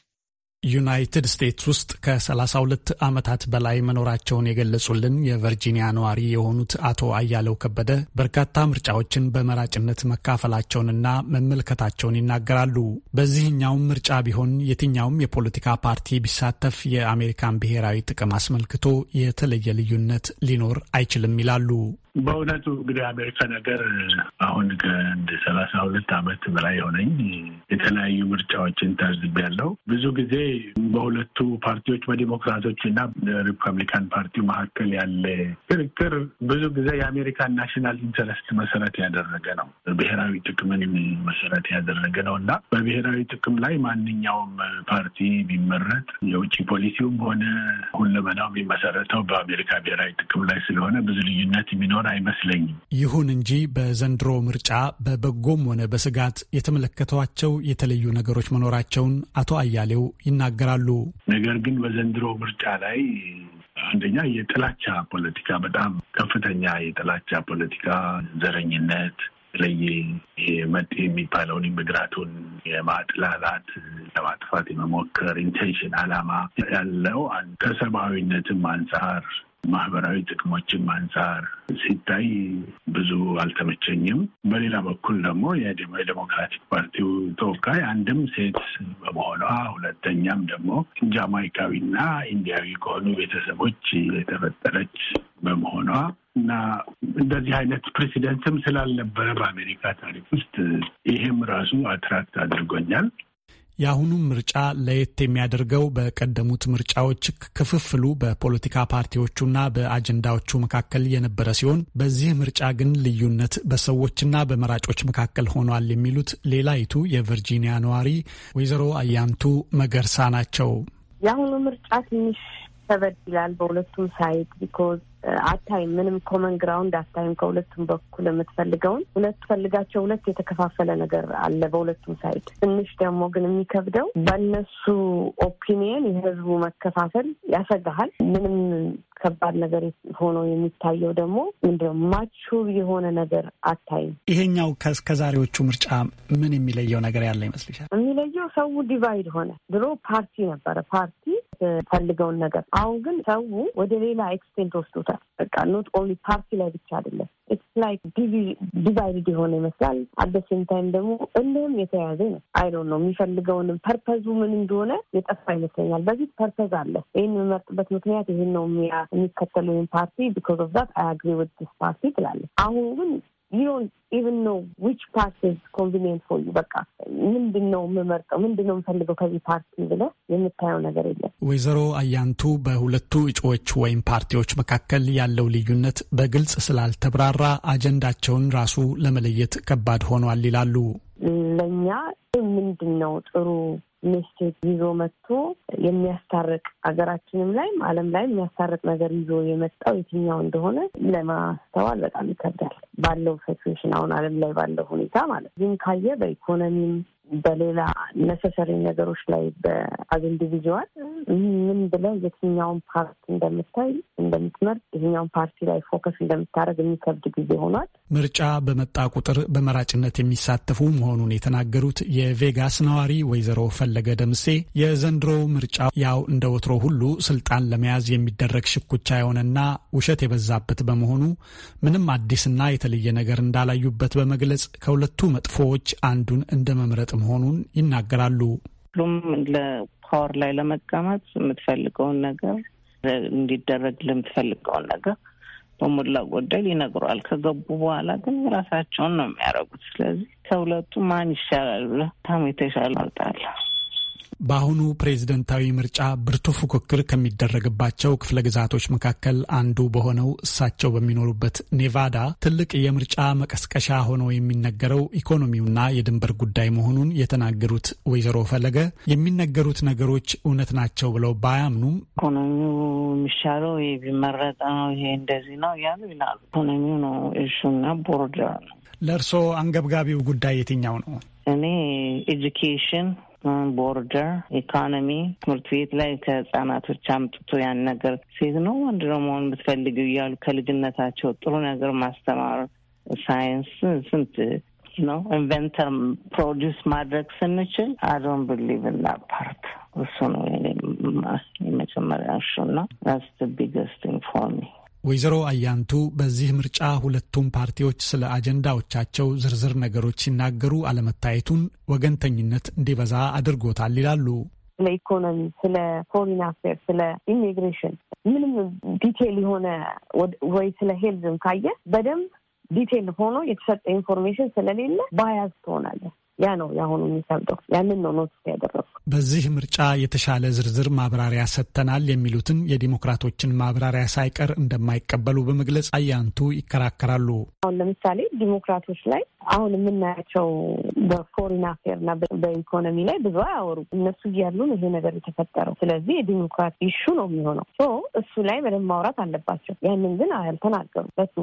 S1: ዩናይትድ ስቴትስ ውስጥ ከ32 ዓመታት በላይ መኖራቸውን የገለጹልን የቨርጂኒያ ነዋሪ የሆኑት አቶ አያለው ከበደ በርካታ ምርጫዎችን በመራጭነት መካፈላቸውንና መመልከታቸውን ይናገራሉ። በዚህኛውም ምርጫ ቢሆን የትኛውም የፖለቲካ ፓርቲ ቢሳተፍ የአሜሪካን ብሔራዊ ጥቅም አስመልክቶ የተለየ ልዩነት ሊኖር አይችልም ይላሉ።
S11: በእውነቱ እንግዲህ አሜሪካ ነገር አሁን ከአንድ ሰላሳ ሁለት ዓመት በላይ የሆነኝ የተለያዩ ምርጫዎችን ያለው ብዙ ጊዜ በሁለቱ ፓርቲዎች በዲሞክራቶች እና ሪፐብሊካን ፓርቲው መካከል ያለ ክርክር ብዙ ጊዜ የአሜሪካን ናሽናል ኢንተረስት መሰረት ያደረገ ነው፣ ብሔራዊ ጥቅምን መሰረት ያደረገ ነው እና በብሔራዊ ጥቅም ላይ ማንኛውም ፓርቲ ቢመረጥ የውጭ ፖሊሲውም ሆነ ሁለመናው የሚመሰረተው በአሜሪካ ብሔራዊ ጥቅም ላይ ስለሆነ ብዙ ልዩነት የሚኖር የሚሆን አይመስለኝም።
S1: ይሁን እንጂ በዘንድሮ ምርጫ በበጎም ሆነ በስጋት የተመለከቷቸው የተለዩ ነገሮች መኖራቸውን አቶ አያሌው ይናገራሉ።
S11: ነገር ግን በዘንድሮ ምርጫ ላይ አንደኛ የጥላቻ ፖለቲካ በጣም ከፍተኛ የጥላቻ ፖለቲካ፣ ዘረኝነት የተለየ መጤ የሚባለውን ኢሚግራቱን የማጥላላት ለማጥፋት የመሞከር ኢንቴንሽን አላማ ያለው ከሰብአዊነትም አንጻር ማህበራዊ ጥቅሞችም አንጻር ሲታይ ብዙ አልተመቸኝም። በሌላ በኩል ደግሞ የዴሞክራቲክ ፓርቲው ተወካይ አንድም ሴት በመሆኗ ሁለተኛም ደግሞ ጃማይካዊና ኢንዲያዊ ከሆኑ ቤተሰቦች የተፈጠረች በመሆኗ እና እንደዚህ አይነት ፕሬሲደንትም ስላልነበረ በአሜሪካ ታሪክ ውስጥ ይህም ራሱ አትራክት አድርጎኛል።
S1: የአሁኑም ምርጫ ለየት የሚያደርገው በቀደሙት ምርጫዎች ክፍፍሉ በፖለቲካ ፓርቲዎቹና በአጀንዳዎቹ መካከል የነበረ ሲሆን በዚህ ምርጫ ግን ልዩነት በሰዎችና በመራጮች መካከል ሆኗል የሚሉት ሌላይቱ የቨርጂኒያ ነዋሪ ወይዘሮ አያንቱ መገርሳ ናቸው።
S12: የአሁኑ ምርጫ ትንሽ ተበድላል በሁለቱም ሳይድ ቢኮዝ አታይም። ምንም ኮመን ግራውንድ አታይም። ከሁለቱም በኩል የምትፈልገውን ሁለቱ ፈልጋቸው ሁለት የተከፋፈለ ነገር አለ በሁለቱም ሳይድ። ትንሽ ደግሞ ግን የሚከብደው በእነሱ ኦፒኒየን የህዝቡ መከፋፈል ያሰጋሃል። ምንም ከባድ ነገር ሆኖ የሚታየው ደግሞ ምንድነው ማቹር የሆነ ነገር አታይም።
S1: ይሄኛው ከእስከዛሬዎቹ ምርጫ ምን የሚለየው ነገር ያለ ይመስልሻል?
S12: የሚለየው ሰው ዲቫይድ ሆነ። ድሮ ፓርቲ ነበረ ፓርቲ ፈልገውን ነገር፣ አሁን ግን ሰው ወደ ሌላ ኤክስቴንት ወስዶታል። ነበር። በቃ ኖት ኦንሊ ፓርቲ ላይ ብቻ አይደለም። ኢትስ ላይክ ዲቪ ዲቫይድድ የሆነ ይመስላል። አደ ታይም ደግሞ እንደም የተያዘ ነው። አይዶን ነው የሚፈልገውንም ፐርፐዙ ምን እንደሆነ የጠፋ ይመስለኛል። በዚህ ፐርፐዝ አለ። ይህን የምመርጥበት ምክንያት ይህን ነው የሚከተለው ፓርቲ ቢኮዝ ኦፍ ዛት አያግሪ ወድ ፓርቲ ትላለህ። አሁን ግን ዩ ዶንት ኢቭን ኖ ዊች ፓርቲ ኢዝ ኮንቪኒየንት ፎር ዩ። በቃ ምንድን ነው የምመርጠው፣ ምንድን ነው የምፈልገው ከዚህ ፓርቲ ብለ የምታየው ነገር የለም።
S1: ወይዘሮ አያንቱ በሁለቱ እጩዎች ወይም ፓርቲዎች መካከል ያለው ልዩነት በግልጽ ስላልተብራራ አጀንዳቸውን ራሱ ለመለየት ከባድ ሆኗል ይላሉ።
S12: ለእኛ ምንድን ነው ጥሩ ሜሴጅ ይዞ መጥቶ የሚያስታርቅ ሀገራችንም ላይም ዓለም ላይ የሚያስታርቅ ነገር ይዞ የመጣው የትኛው እንደሆነ ለማስተዋል በጣም ይከብዳል። ባለው ሲቹዌሽን አሁን ዓለም ላይ ባለው ሁኔታ ማለት ግን ካየ በኢኮኖሚም በሌላ ነሰሰሪ ነገሮች ላይ በአዝ ኢንዲቪዥዋል ምን ብለህ የትኛውን ፓርቲ እንደምታይ እንደምትመርጥ ይህኛውን ፓርቲ ላይ ፎከስ እንደምታደርግ የሚከብድ ጊዜ ሆኗል።
S1: ምርጫ በመጣ ቁጥር በመራጭነት የሚሳተፉ መሆኑን የተናገሩት የቬጋስ ነዋሪ ወይዘሮ ፈለገ ደምሴ የዘንድሮ ምርጫ ያው እንደ ወትሮ ሁሉ ስልጣን ለመያዝ የሚደረግ ሽኩቻ የሆነና ውሸት የበዛበት በመሆኑ ምንም አዲስና የተለየ ነገር እንዳላዩበት በመግለጽ ከሁለቱ መጥፎዎች አንዱን እንደ መምረጥ መሆኑን ይናገራሉ።
S13: ሁሉም ፓወር ላይ ለመቀመጥ የምትፈልገውን ነገር እንዲደረግ ለምትፈልገውን ነገር በሞላ ጎደል ይነግሯል። ከገቡ በኋላ ግን ራሳቸውን ነው የሚያደርጉት። ስለዚህ ከሁለቱ ማን ይሻላል ብለህ በጣም የተሻለ አውጣለሁ
S1: በአሁኑ ፕሬዝደንታዊ ምርጫ ብርቱ ፉክክር ከሚደረግባቸው ክፍለ ግዛቶች መካከል አንዱ በሆነው እሳቸው በሚኖሩበት ኔቫዳ ትልቅ የምርጫ መቀስቀሻ ሆኖ የሚነገረው ኢኮኖሚውና የድንበር ጉዳይ መሆኑን የተናገሩት ወይዘሮ ፈለገ የሚነገሩት ነገሮች እውነት ናቸው ብለው ባያምኑም
S13: ኢኮኖሚው የሚሻለው ይሄ ቢመረጥ ነው፣ ይሄ እንደዚህ ነው እያሉ ይላሉ። ኢኮኖሚው ነው እሱና ቦርደር ነው።
S1: ለእርስዎ አንገብጋቢው ጉዳይ የትኛው ነው? እኔ ኤጁኬሽን
S13: ቦርደር፣ ኢኮኖሚ፣ ትምህርት ቤት ላይ ከህጻናቶች አምጥቶ ያን ነገር ሴት ነው ወንድ ነው መሆን ብትፈልጊው እያሉ ከልጅነታቸው ጥሩ ነገር ማስተማር፣ ሳይንስ፣ ስንት ነው ኢንቨንተር ፕሮዲስ ማድረግ ስንችል አዶን ብሊቭ እና ፓርት እሱ ነው የመጀመሪያ እሹ ነው ስ ቢገስት ኢንፎርሚ
S1: ወይዘሮ አያንቱ በዚህ ምርጫ ሁለቱም ፓርቲዎች ስለ አጀንዳዎቻቸው ዝርዝር ነገሮች ሲናገሩ አለመታየቱን ወገንተኝነት እንዲበዛ አድርጎታል ይላሉ።
S12: ስለ ኢኮኖሚ፣ ስለ ፎሪን አፌር፣ ስለ ኢሚግሬሽን ምንም ዲቴል የሆነ ወይ ስለ ሄልዝም ካየ በደንብ ዲቴል ሆኖ የተሰጠ ኢንፎርሜሽን ስለሌለ ባያዝ ትሆናለህ። ያ ነው የአሁኑ የሚከብደው። ያንን ነው ኖቲስ ያደረጉ።
S1: በዚህ ምርጫ የተሻለ ዝርዝር ማብራሪያ ሰጥተናል የሚሉትን የዲሞክራቶችን ማብራሪያ ሳይቀር እንደማይቀበሉ በመግለጽ አያንቱ ይከራከራሉ።
S12: አሁን ለምሳሌ ዲሞክራቶች ላይ አሁን የምናያቸው በፎሪን አፌር እና በኢኮኖሚ ላይ ብዙ አያወሩ እነሱ እያሉን ይሄ ነገር የተፈጠረው። ስለዚህ የዲሞክራሲ ኢሹ ነው የሚሆነው። እሱ ላይ በደንብ ማውራት አለባቸው። ያንን ግን አልተናገሩም። በሱ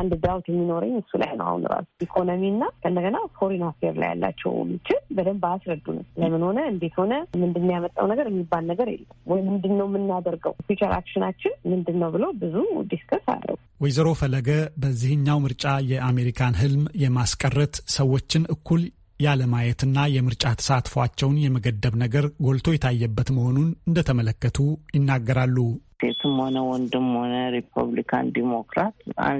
S12: አንድ ዳውት የሚኖረኝ እሱ ላይ ነው። አሁን ራሱ ኢኮኖሚ እና ከእንደገና ፎሪን አፌር ላይ ያላቸው ምችል በደንብ አያስረዱንም። ለምን ሆነ እንዴት ሆነ ምንድን ያመጣው ነገር የሚባል ነገር የለም ወይ ምንድን ነው የምናደርገው ፊቸር አክሽናችን ምንድን ነው ብሎ ብዙ ዲስከስ
S1: አያደርጉም። ወይዘሮ ፈለገ በዚህኛው ምርጫ የአሜሪካን ህልም የማስቀረት ሰዎችን እኩል ያለማየትና የምርጫ ተሳትፏቸውን የመገደብ ነገር ጎልቶ የታየበት መሆኑን እንደተመለከቱ ይናገራሉ።
S13: ሴትም ሆነ ወንድም ሆነ ሪፐብሊካን፣ ዲሞክራት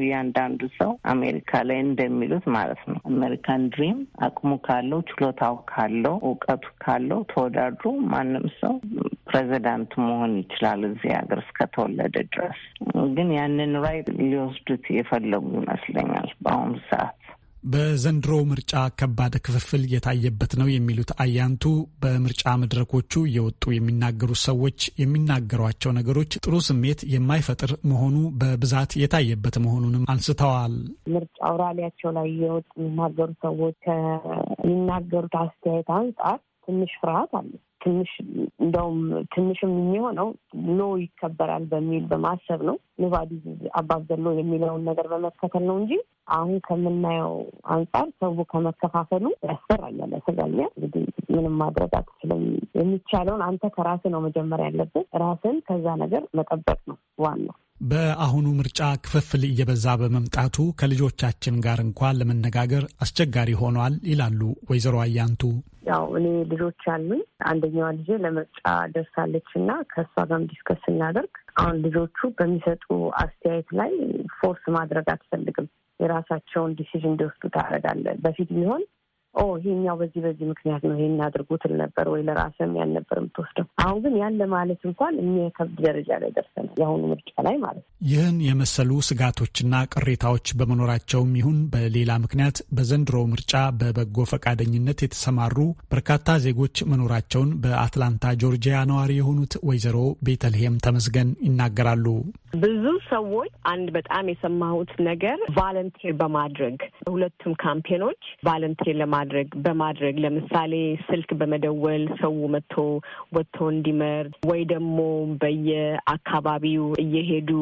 S13: እያንዳንዱ ሰው አሜሪካ ላይ እንደሚሉት ማለት ነው አሜሪካን ድሪም አቅሙ ካለው ችሎታው ካለው እውቀቱ ካለው ተወዳድሮ ማንም ሰው ፕሬዚዳንት መሆን ይችላል እዚህ ሀገር እስከተወለደ ድረስ። ግን ያንን ራይ ሊወስዱት የፈለጉ ይመስለኛል በአሁኑ ሰዓት
S1: በዘንድሮ ምርጫ ከባድ ክፍፍል የታየበት ነው የሚሉት አያንቱ በምርጫ መድረኮቹ እየወጡ የሚናገሩ ሰዎች የሚናገሯቸው ነገሮች ጥሩ ስሜት የማይፈጥር መሆኑ በብዛት የታየበት መሆኑንም አንስተዋል።
S12: ምርጫው ራሊያቸው ላይ እየወጡ የሚናገሩ ሰዎች ከሚናገሩት አስተያየት አንጻር ትንሽ ፍርሃት አለ።
S1: ትንሽ እንደውም
S12: ትንሽም የሚሆነው ሎ ይከበራል በሚል በማሰብ ነው። ኖባዲ አባብ ዘሎ የሚለውን ነገር በመከተል ነው እንጂ አሁን ከምናየው አንጻር ሰው ከመከፋፈሉ ያስፈራኛል፣ ያሰጋኛል። እንግዲህ ምንም ማድረግ አትችልም። የሚቻለውን አንተ ከራስህ ነው መጀመሪያ ያለብን፣ ራስን ከዛ ነገር መጠበቅ ነው ዋናው።
S1: በአሁኑ ምርጫ ክፍፍል እየበዛ በመምጣቱ ከልጆቻችን ጋር እንኳን ለመነጋገር አስቸጋሪ ሆኗል ይላሉ ወይዘሮ አያንቱ።
S12: ያው እኔ ልጆች ያሉኝ አንደኛዋ ልጄ ለምርጫ ደርሳለች እና ከእሷ ጋርም ዲስከስ ስናደርግ አሁን ልጆቹ በሚሰጡ አስተያየት ላይ ፎርስ ማድረግ አትፈልግም። የራሳቸውን ዲሲዥን እንዲወስዱ ታደርጋለህ። በፊት ቢሆን ኦ ይሄኛው በዚህ በዚህ ምክንያት ነው ይሄን አድርጉትን ነበር ወይ ለራስም ያን ነበር የምትወስደው። አሁን ግን ያን ለማለት እንኳን የከብድ ደረጃ ላይ ደርሰናል፣ የአሁኑ ምርጫ ላይ ማለት ነው።
S1: ይህን የመሰሉ ስጋቶችና ቅሬታዎች በመኖራቸውም ይሁን በሌላ ምክንያት በዘንድሮ ምርጫ በበጎ ፈቃደኝነት የተሰማሩ በርካታ ዜጎች መኖራቸውን በአትላንታ ጆርጂያ ነዋሪ የሆኑት ወይዘሮ ቤተልሔም ተመስገን ይናገራሉ።
S12: ብዙ ሰዎች አንድ በጣም የሰማሁት ነገር ቫለንቴር በማድረግ ሁለቱም ካምፔኖች ቫለንቴር ለማድረግ በማድረግ ለምሳሌ ስልክ በመደወል ሰው መጥቶ ወጥቶ እንዲመርድ ወይ ደግሞ በየአካባቢው እየሄዱ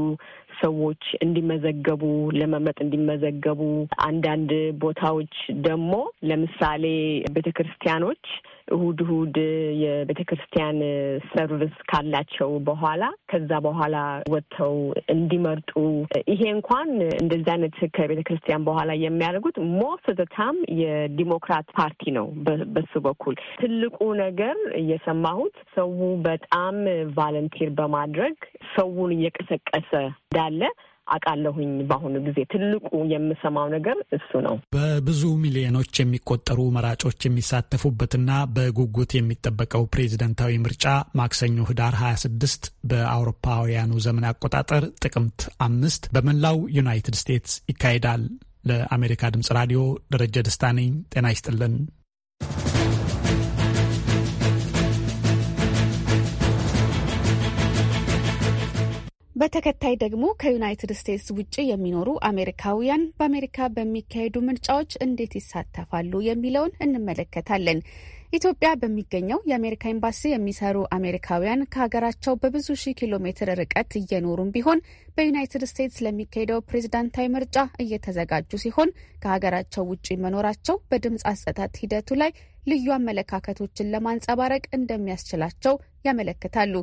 S12: ሰዎች እንዲመዘገቡ ለመመጥ እንዲመዘገቡ አንዳንድ ቦታዎች ደግሞ ለምሳሌ ቤተ ክርስቲያኖች እሁድ እሁድ የቤተ ክርስቲያን ሰርቪስ ካላቸው በኋላ ከዛ በኋላ ወጥተው እንዲመርጡ ይሄ እንኳን እንደዚህ አይነት ከቤተ ክርስቲያን በኋላ የሚያደርጉት ሞስት ዘታም የዲሞክራት ፓርቲ ነው። በሱ በኩል ትልቁ ነገር እየሰማሁት ሰው በጣም ቫለንቲር በማድረግ ሰውን እየቀሰቀሰ እንዳለ አውቃለሁኝ። በአሁኑ ጊዜ ትልቁ የምሰማው ነገር እሱ ነው።
S1: በብዙ ሚሊዮኖች የሚቆጠሩ መራጮች የሚሳተፉበትና በጉጉት የሚጠበቀው ፕሬዝደንታዊ ምርጫ ማክሰኞ ህዳር 26 በአውሮፓውያኑ ዘመን አቆጣጠር ጥቅምት አምስት በመላው ዩናይትድ ስቴትስ ይካሄዳል። ለአሜሪካ ድምጽ ራዲዮ ደረጀ ደስታ ነኝ። ጤና ይስጥልን።
S2: በተከታይ ደግሞ ከዩናይትድ ስቴትስ ውጭ የሚኖሩ አሜሪካውያን በአሜሪካ በሚካሄዱ ምርጫዎች እንዴት ይሳተፋሉ የሚለውን እንመለከታለን። ኢትዮጵያ በሚገኘው የአሜሪካ ኤምባሲ የሚሰሩ አሜሪካውያን ከሀገራቸው በብዙ ሺህ ኪሎ ሜትር ርቀት እየኖሩም ቢሆን በዩናይትድ ስቴትስ ለሚካሄደው ፕሬዝዳንታዊ ምርጫ እየተዘጋጁ ሲሆን ከሀገራቸው ውጪ መኖራቸው በድምፅ አሰጣት ሂደቱ ላይ ልዩ አመለካከቶችን ለማንጸባረቅ እንደሚያስችላቸው ያመለክታሉ።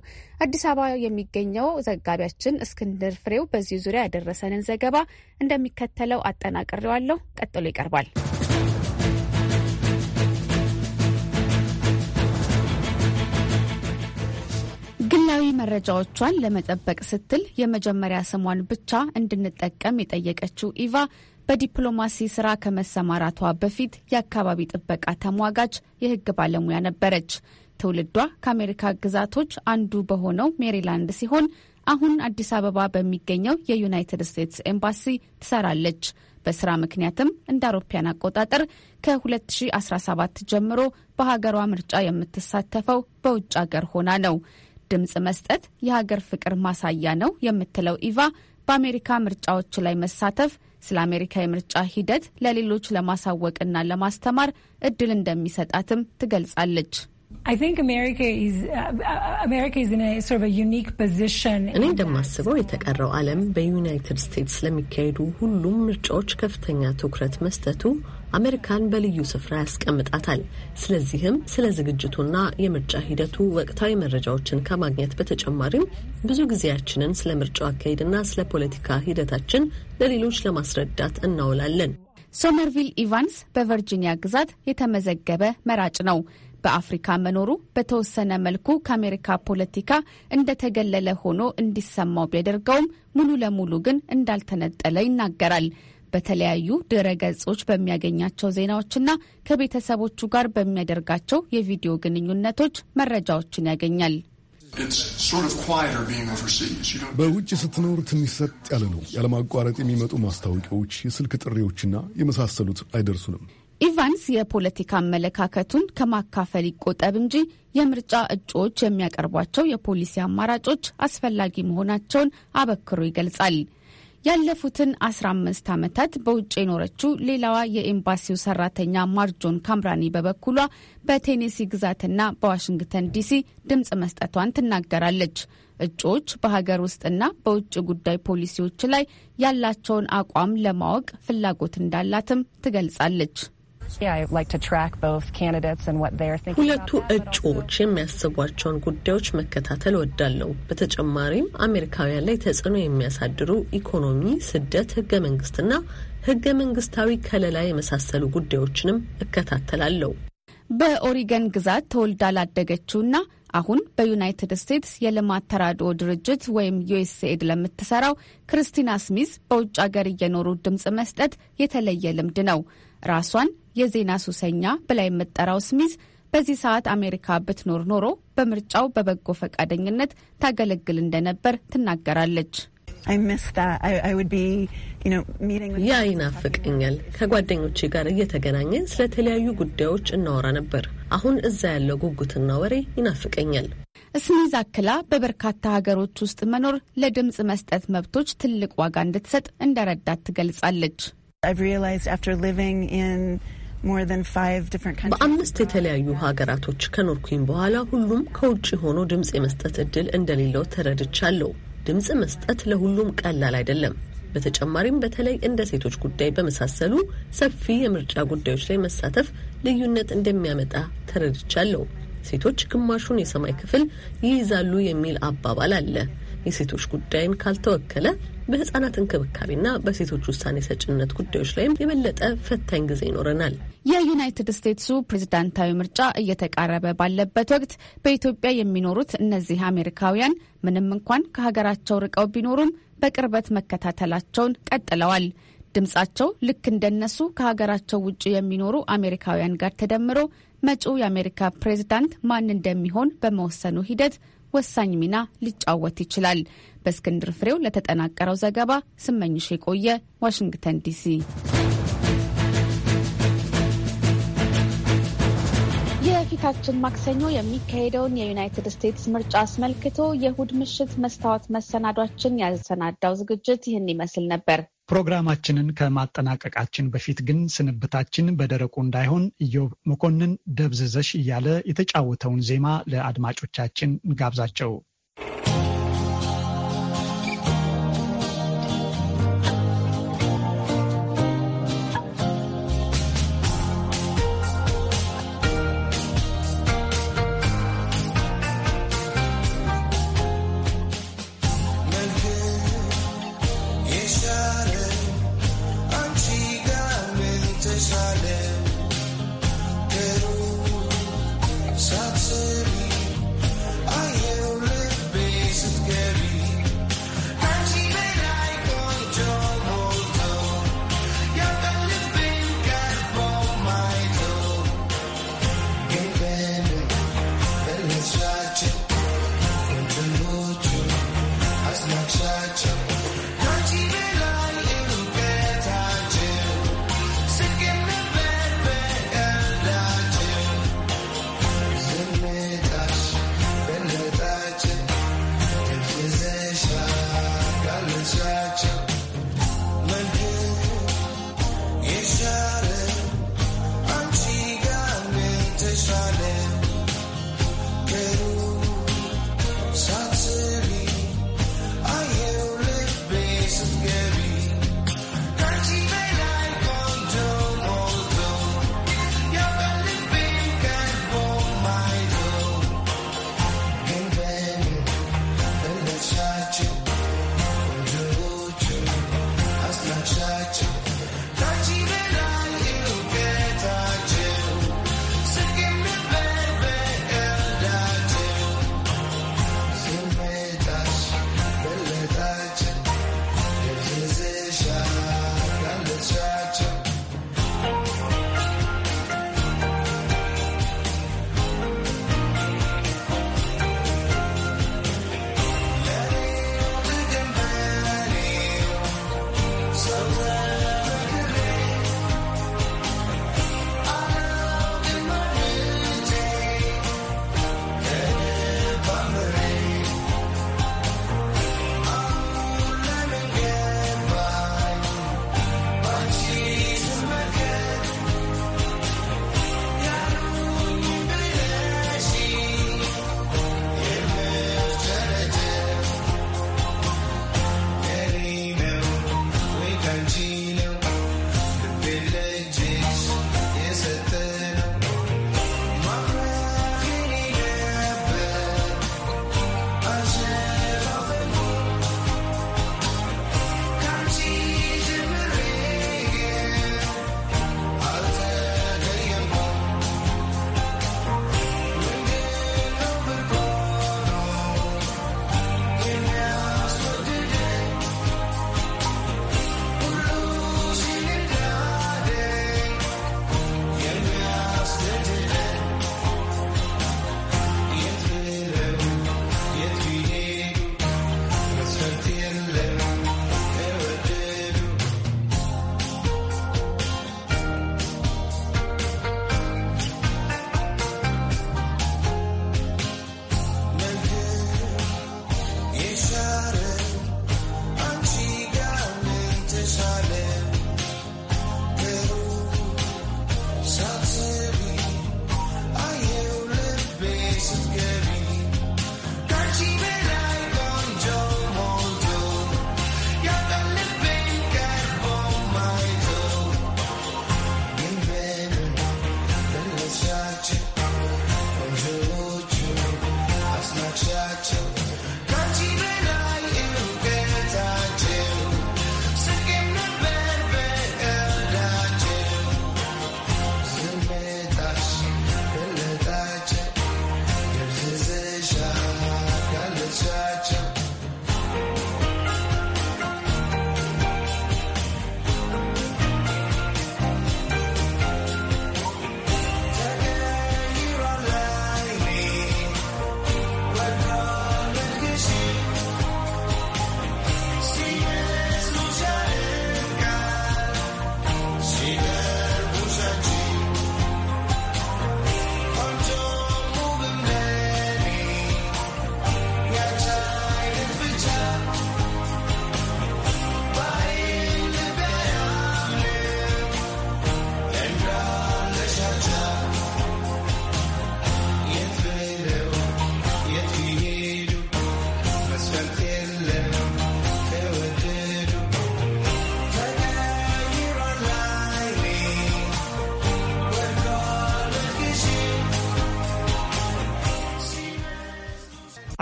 S2: አዲስ አበባ የሚገኘው ዘጋቢያችን እስክንድር ፍሬው በዚህ ዙሪያ ያደረሰንን ዘገባ እንደሚከተለው አጠናቅሬዋለሁ። ቀጥሎ ይቀርባል። ወቅታዊ መረጃዎቿን ለመጠበቅ ስትል የመጀመሪያ ስሟን ብቻ እንድንጠቀም የጠየቀችው ኢቫ በዲፕሎማሲ ስራ ከመሰማራቷ በፊት የአካባቢ ጥበቃ ተሟጋች የሕግ ባለሙያ ነበረች። ትውልዷ ከአሜሪካ ግዛቶች አንዱ በሆነው ሜሪላንድ ሲሆን አሁን አዲስ አበባ በሚገኘው የዩናይትድ ስቴትስ ኤምባሲ ትሰራለች። በስራ ምክንያትም እንደ አውሮፓያን አቆጣጠር ከ2017 ጀምሮ በሀገሯ ምርጫ የምትሳተፈው በውጭ ሀገር ሆና ነው። ድምፅ መስጠት የሀገር ፍቅር ማሳያ ነው የምትለው ኢቫ በአሜሪካ ምርጫዎች ላይ መሳተፍ ስለ አሜሪካ የምርጫ ሂደት ለሌሎች ለማሳወቅና ለማስተማር እድል እንደሚሰጣትም ትገልጻለች።
S5: እኔ እንደማስበው የተቀረው ዓለም በዩናይትድ ስቴትስ ለሚካሄዱ ሁሉም ምርጫዎች ከፍተኛ ትኩረት መስጠቱ አሜሪካን በልዩ ስፍራ ያስቀምጣታል። ስለዚህም ስለ ዝግጅቱና የምርጫ ሂደቱ ወቅታዊ መረጃዎችን ከማግኘት በተጨማሪም ብዙ ጊዜያችንን ስለ ምርጫው አካሄድና ስለ ፖለቲካ ሂደታችን ለሌሎች ለማስረዳት እናውላለን። ሶመርቪል ኢቫንስ በቨርጂኒያ ግዛት
S2: የተመዘገበ መራጭ ነው። በአፍሪካ መኖሩ በተወሰነ መልኩ ከአሜሪካ ፖለቲካ እንደተገለለ ሆኖ እንዲሰማው ቢያደርገውም ሙሉ ለሙሉ ግን እንዳልተነጠለ ይናገራል። በተለያዩ ድረ ገጾች በሚያገኛቸው ዜናዎችና ከቤተሰቦቹ ጋር በሚያደርጋቸው የቪዲዮ ግንኙነቶች መረጃዎችን ያገኛል።
S4: በውጭ ስትኖር ትንሽ ሰጥ ያለ ነው። ያለማቋረጥ የሚመጡ ማስታወቂያዎች፣ የስልክ ጥሪዎችና የመሳሰሉት አይደርሱንም።
S2: ኢቫንስ የፖለቲካ አመለካከቱን ከማካፈል ይቆጠብ እንጂ የምርጫ እጩዎች የሚያቀርቧቸው የፖሊሲ አማራጮች አስፈላጊ መሆናቸውን አበክሮ ይገልጻል። ያለፉትን 15 ዓመታት በውጭ የኖረችው ሌላዋ የኤምባሲው ሰራተኛ ማርጆን ካምራኒ በበኩሏ በቴኔሲ ግዛትና በዋሽንግተን ዲሲ ድምፅ መስጠቷን ትናገራለች። እጩዎች በሀገር ውስጥና በውጭ ጉዳይ ፖሊሲዎች ላይ ያላቸውን አቋም ለማወቅ ፍላጎት እንዳላትም ትገልጻለች።
S5: ሁለቱ እጩዎች የሚያስቧቸውን ጉዳዮች መከታተል ወዳለው በተጨማሪም አሜሪካውያን ላይ ተጽዕኖ የሚያሳድሩ ኢኮኖሚ፣ ስደት፣ ህገ መንግስትና ህገ መንግስታዊ ከለላ የመሳሰሉ ጉዳዮችንም እከታተላለሁ።
S2: በኦሪገን ግዛት ተወልዳ ላደገችውና አሁን በዩናይትድ ስቴትስ የልማት ተራድኦ ድርጅት ወይም ዩኤስኤድ ለምትሰራው ክርስቲና ስሚዝ በውጭ አገር እየኖሩ ድምፅ መስጠት የተለየ ልምድ ነው። ራሷን የዜና ሱሰኛ ብላ የምጠራው ስሚዝ በዚህ ሰዓት አሜሪካ ብትኖር ኖሮ በምርጫው በበጎ ፈቃደኝነት
S5: ታገለግል እንደነበር ትናገራለች። ያ ይናፍቀኛል። ከጓደኞቼ ጋር እየተገናኘን ስለተለያዩ ጉዳዮች እናወራ ነበር። አሁን እዛ ያለው ጉጉትና ወሬ ይናፍቀኛል። ስሚዝ አክላ
S2: በበርካታ ሀገሮች ውስጥ መኖር ለድምፅ መስጠት መብቶች ትልቅ ዋጋ እንድትሰጥ እንደረዳት
S5: ትገልጻለች። በአምስት የተለያዩ ሀገራቶች ከኖርኩኝ በኋላ ሁሉም ከውጭ ሆኖ ድምፅ የመስጠት እድል እንደሌለው ተረድቻለሁ። ድምፅ መስጠት ለሁሉም ቀላል አይደለም። በተጨማሪም በተለይ እንደ ሴቶች ጉዳይ በመሳሰሉ ሰፊ የምርጫ ጉዳዮች ላይ መሳተፍ ልዩነት እንደሚያመጣ ተረድቻለሁ። ሴቶች ግማሹን የሰማይ ክፍል ይይዛሉ የሚል አባባል አለ። የሴቶች ጉዳይን ካልተወከለ በህጻናት እንክብካቤና በሴቶች ውሳኔ ሰጭነት ጉዳዮች ላይም የበለጠ ፈታኝ ጊዜ ይኖረናል። የዩናይትድ ስቴትሱ
S2: ፕሬዝዳንታዊ ምርጫ እየተቃረበ ባለበት ወቅት በኢትዮጵያ የሚኖሩት እነዚህ አሜሪካውያን ምንም እንኳን ከሀገራቸው ርቀው ቢኖሩም በቅርበት መከታተላቸውን ቀጥለዋል። ድምጻቸው ልክ እንደነሱ ከሀገራቸው ውጭ የሚኖሩ አሜሪካውያን ጋር ተደምሮ መጪው የአሜሪካ ፕሬዝዳንት ማን እንደሚሆን በመወሰኑ ሂደት ወሳኝ ሚና ሊጫወት ይችላል። በእስክንድር ፍሬው ለተጠናቀረው ዘገባ ስመኝሽ የቆየ ዋሽንግተን ዲሲ የፊታችን ማክሰኞ የሚካሄደውን የዩናይትድ ስቴትስ ምርጫ አስመልክቶ የእሁድ ምሽት መስታወት መሰናዷችን ያሰናዳው ዝግጅት ይህን ይመስል ነበር።
S1: ፕሮግራማችንን ከማጠናቀቃችን በፊት ግን ስንብታችን በደረቁ እንዳይሆን ኢዮብ መኮንን ደብዝዘሽ እያለ የተጫወተውን ዜማ ለአድማጮቻችን እንጋብዛቸው።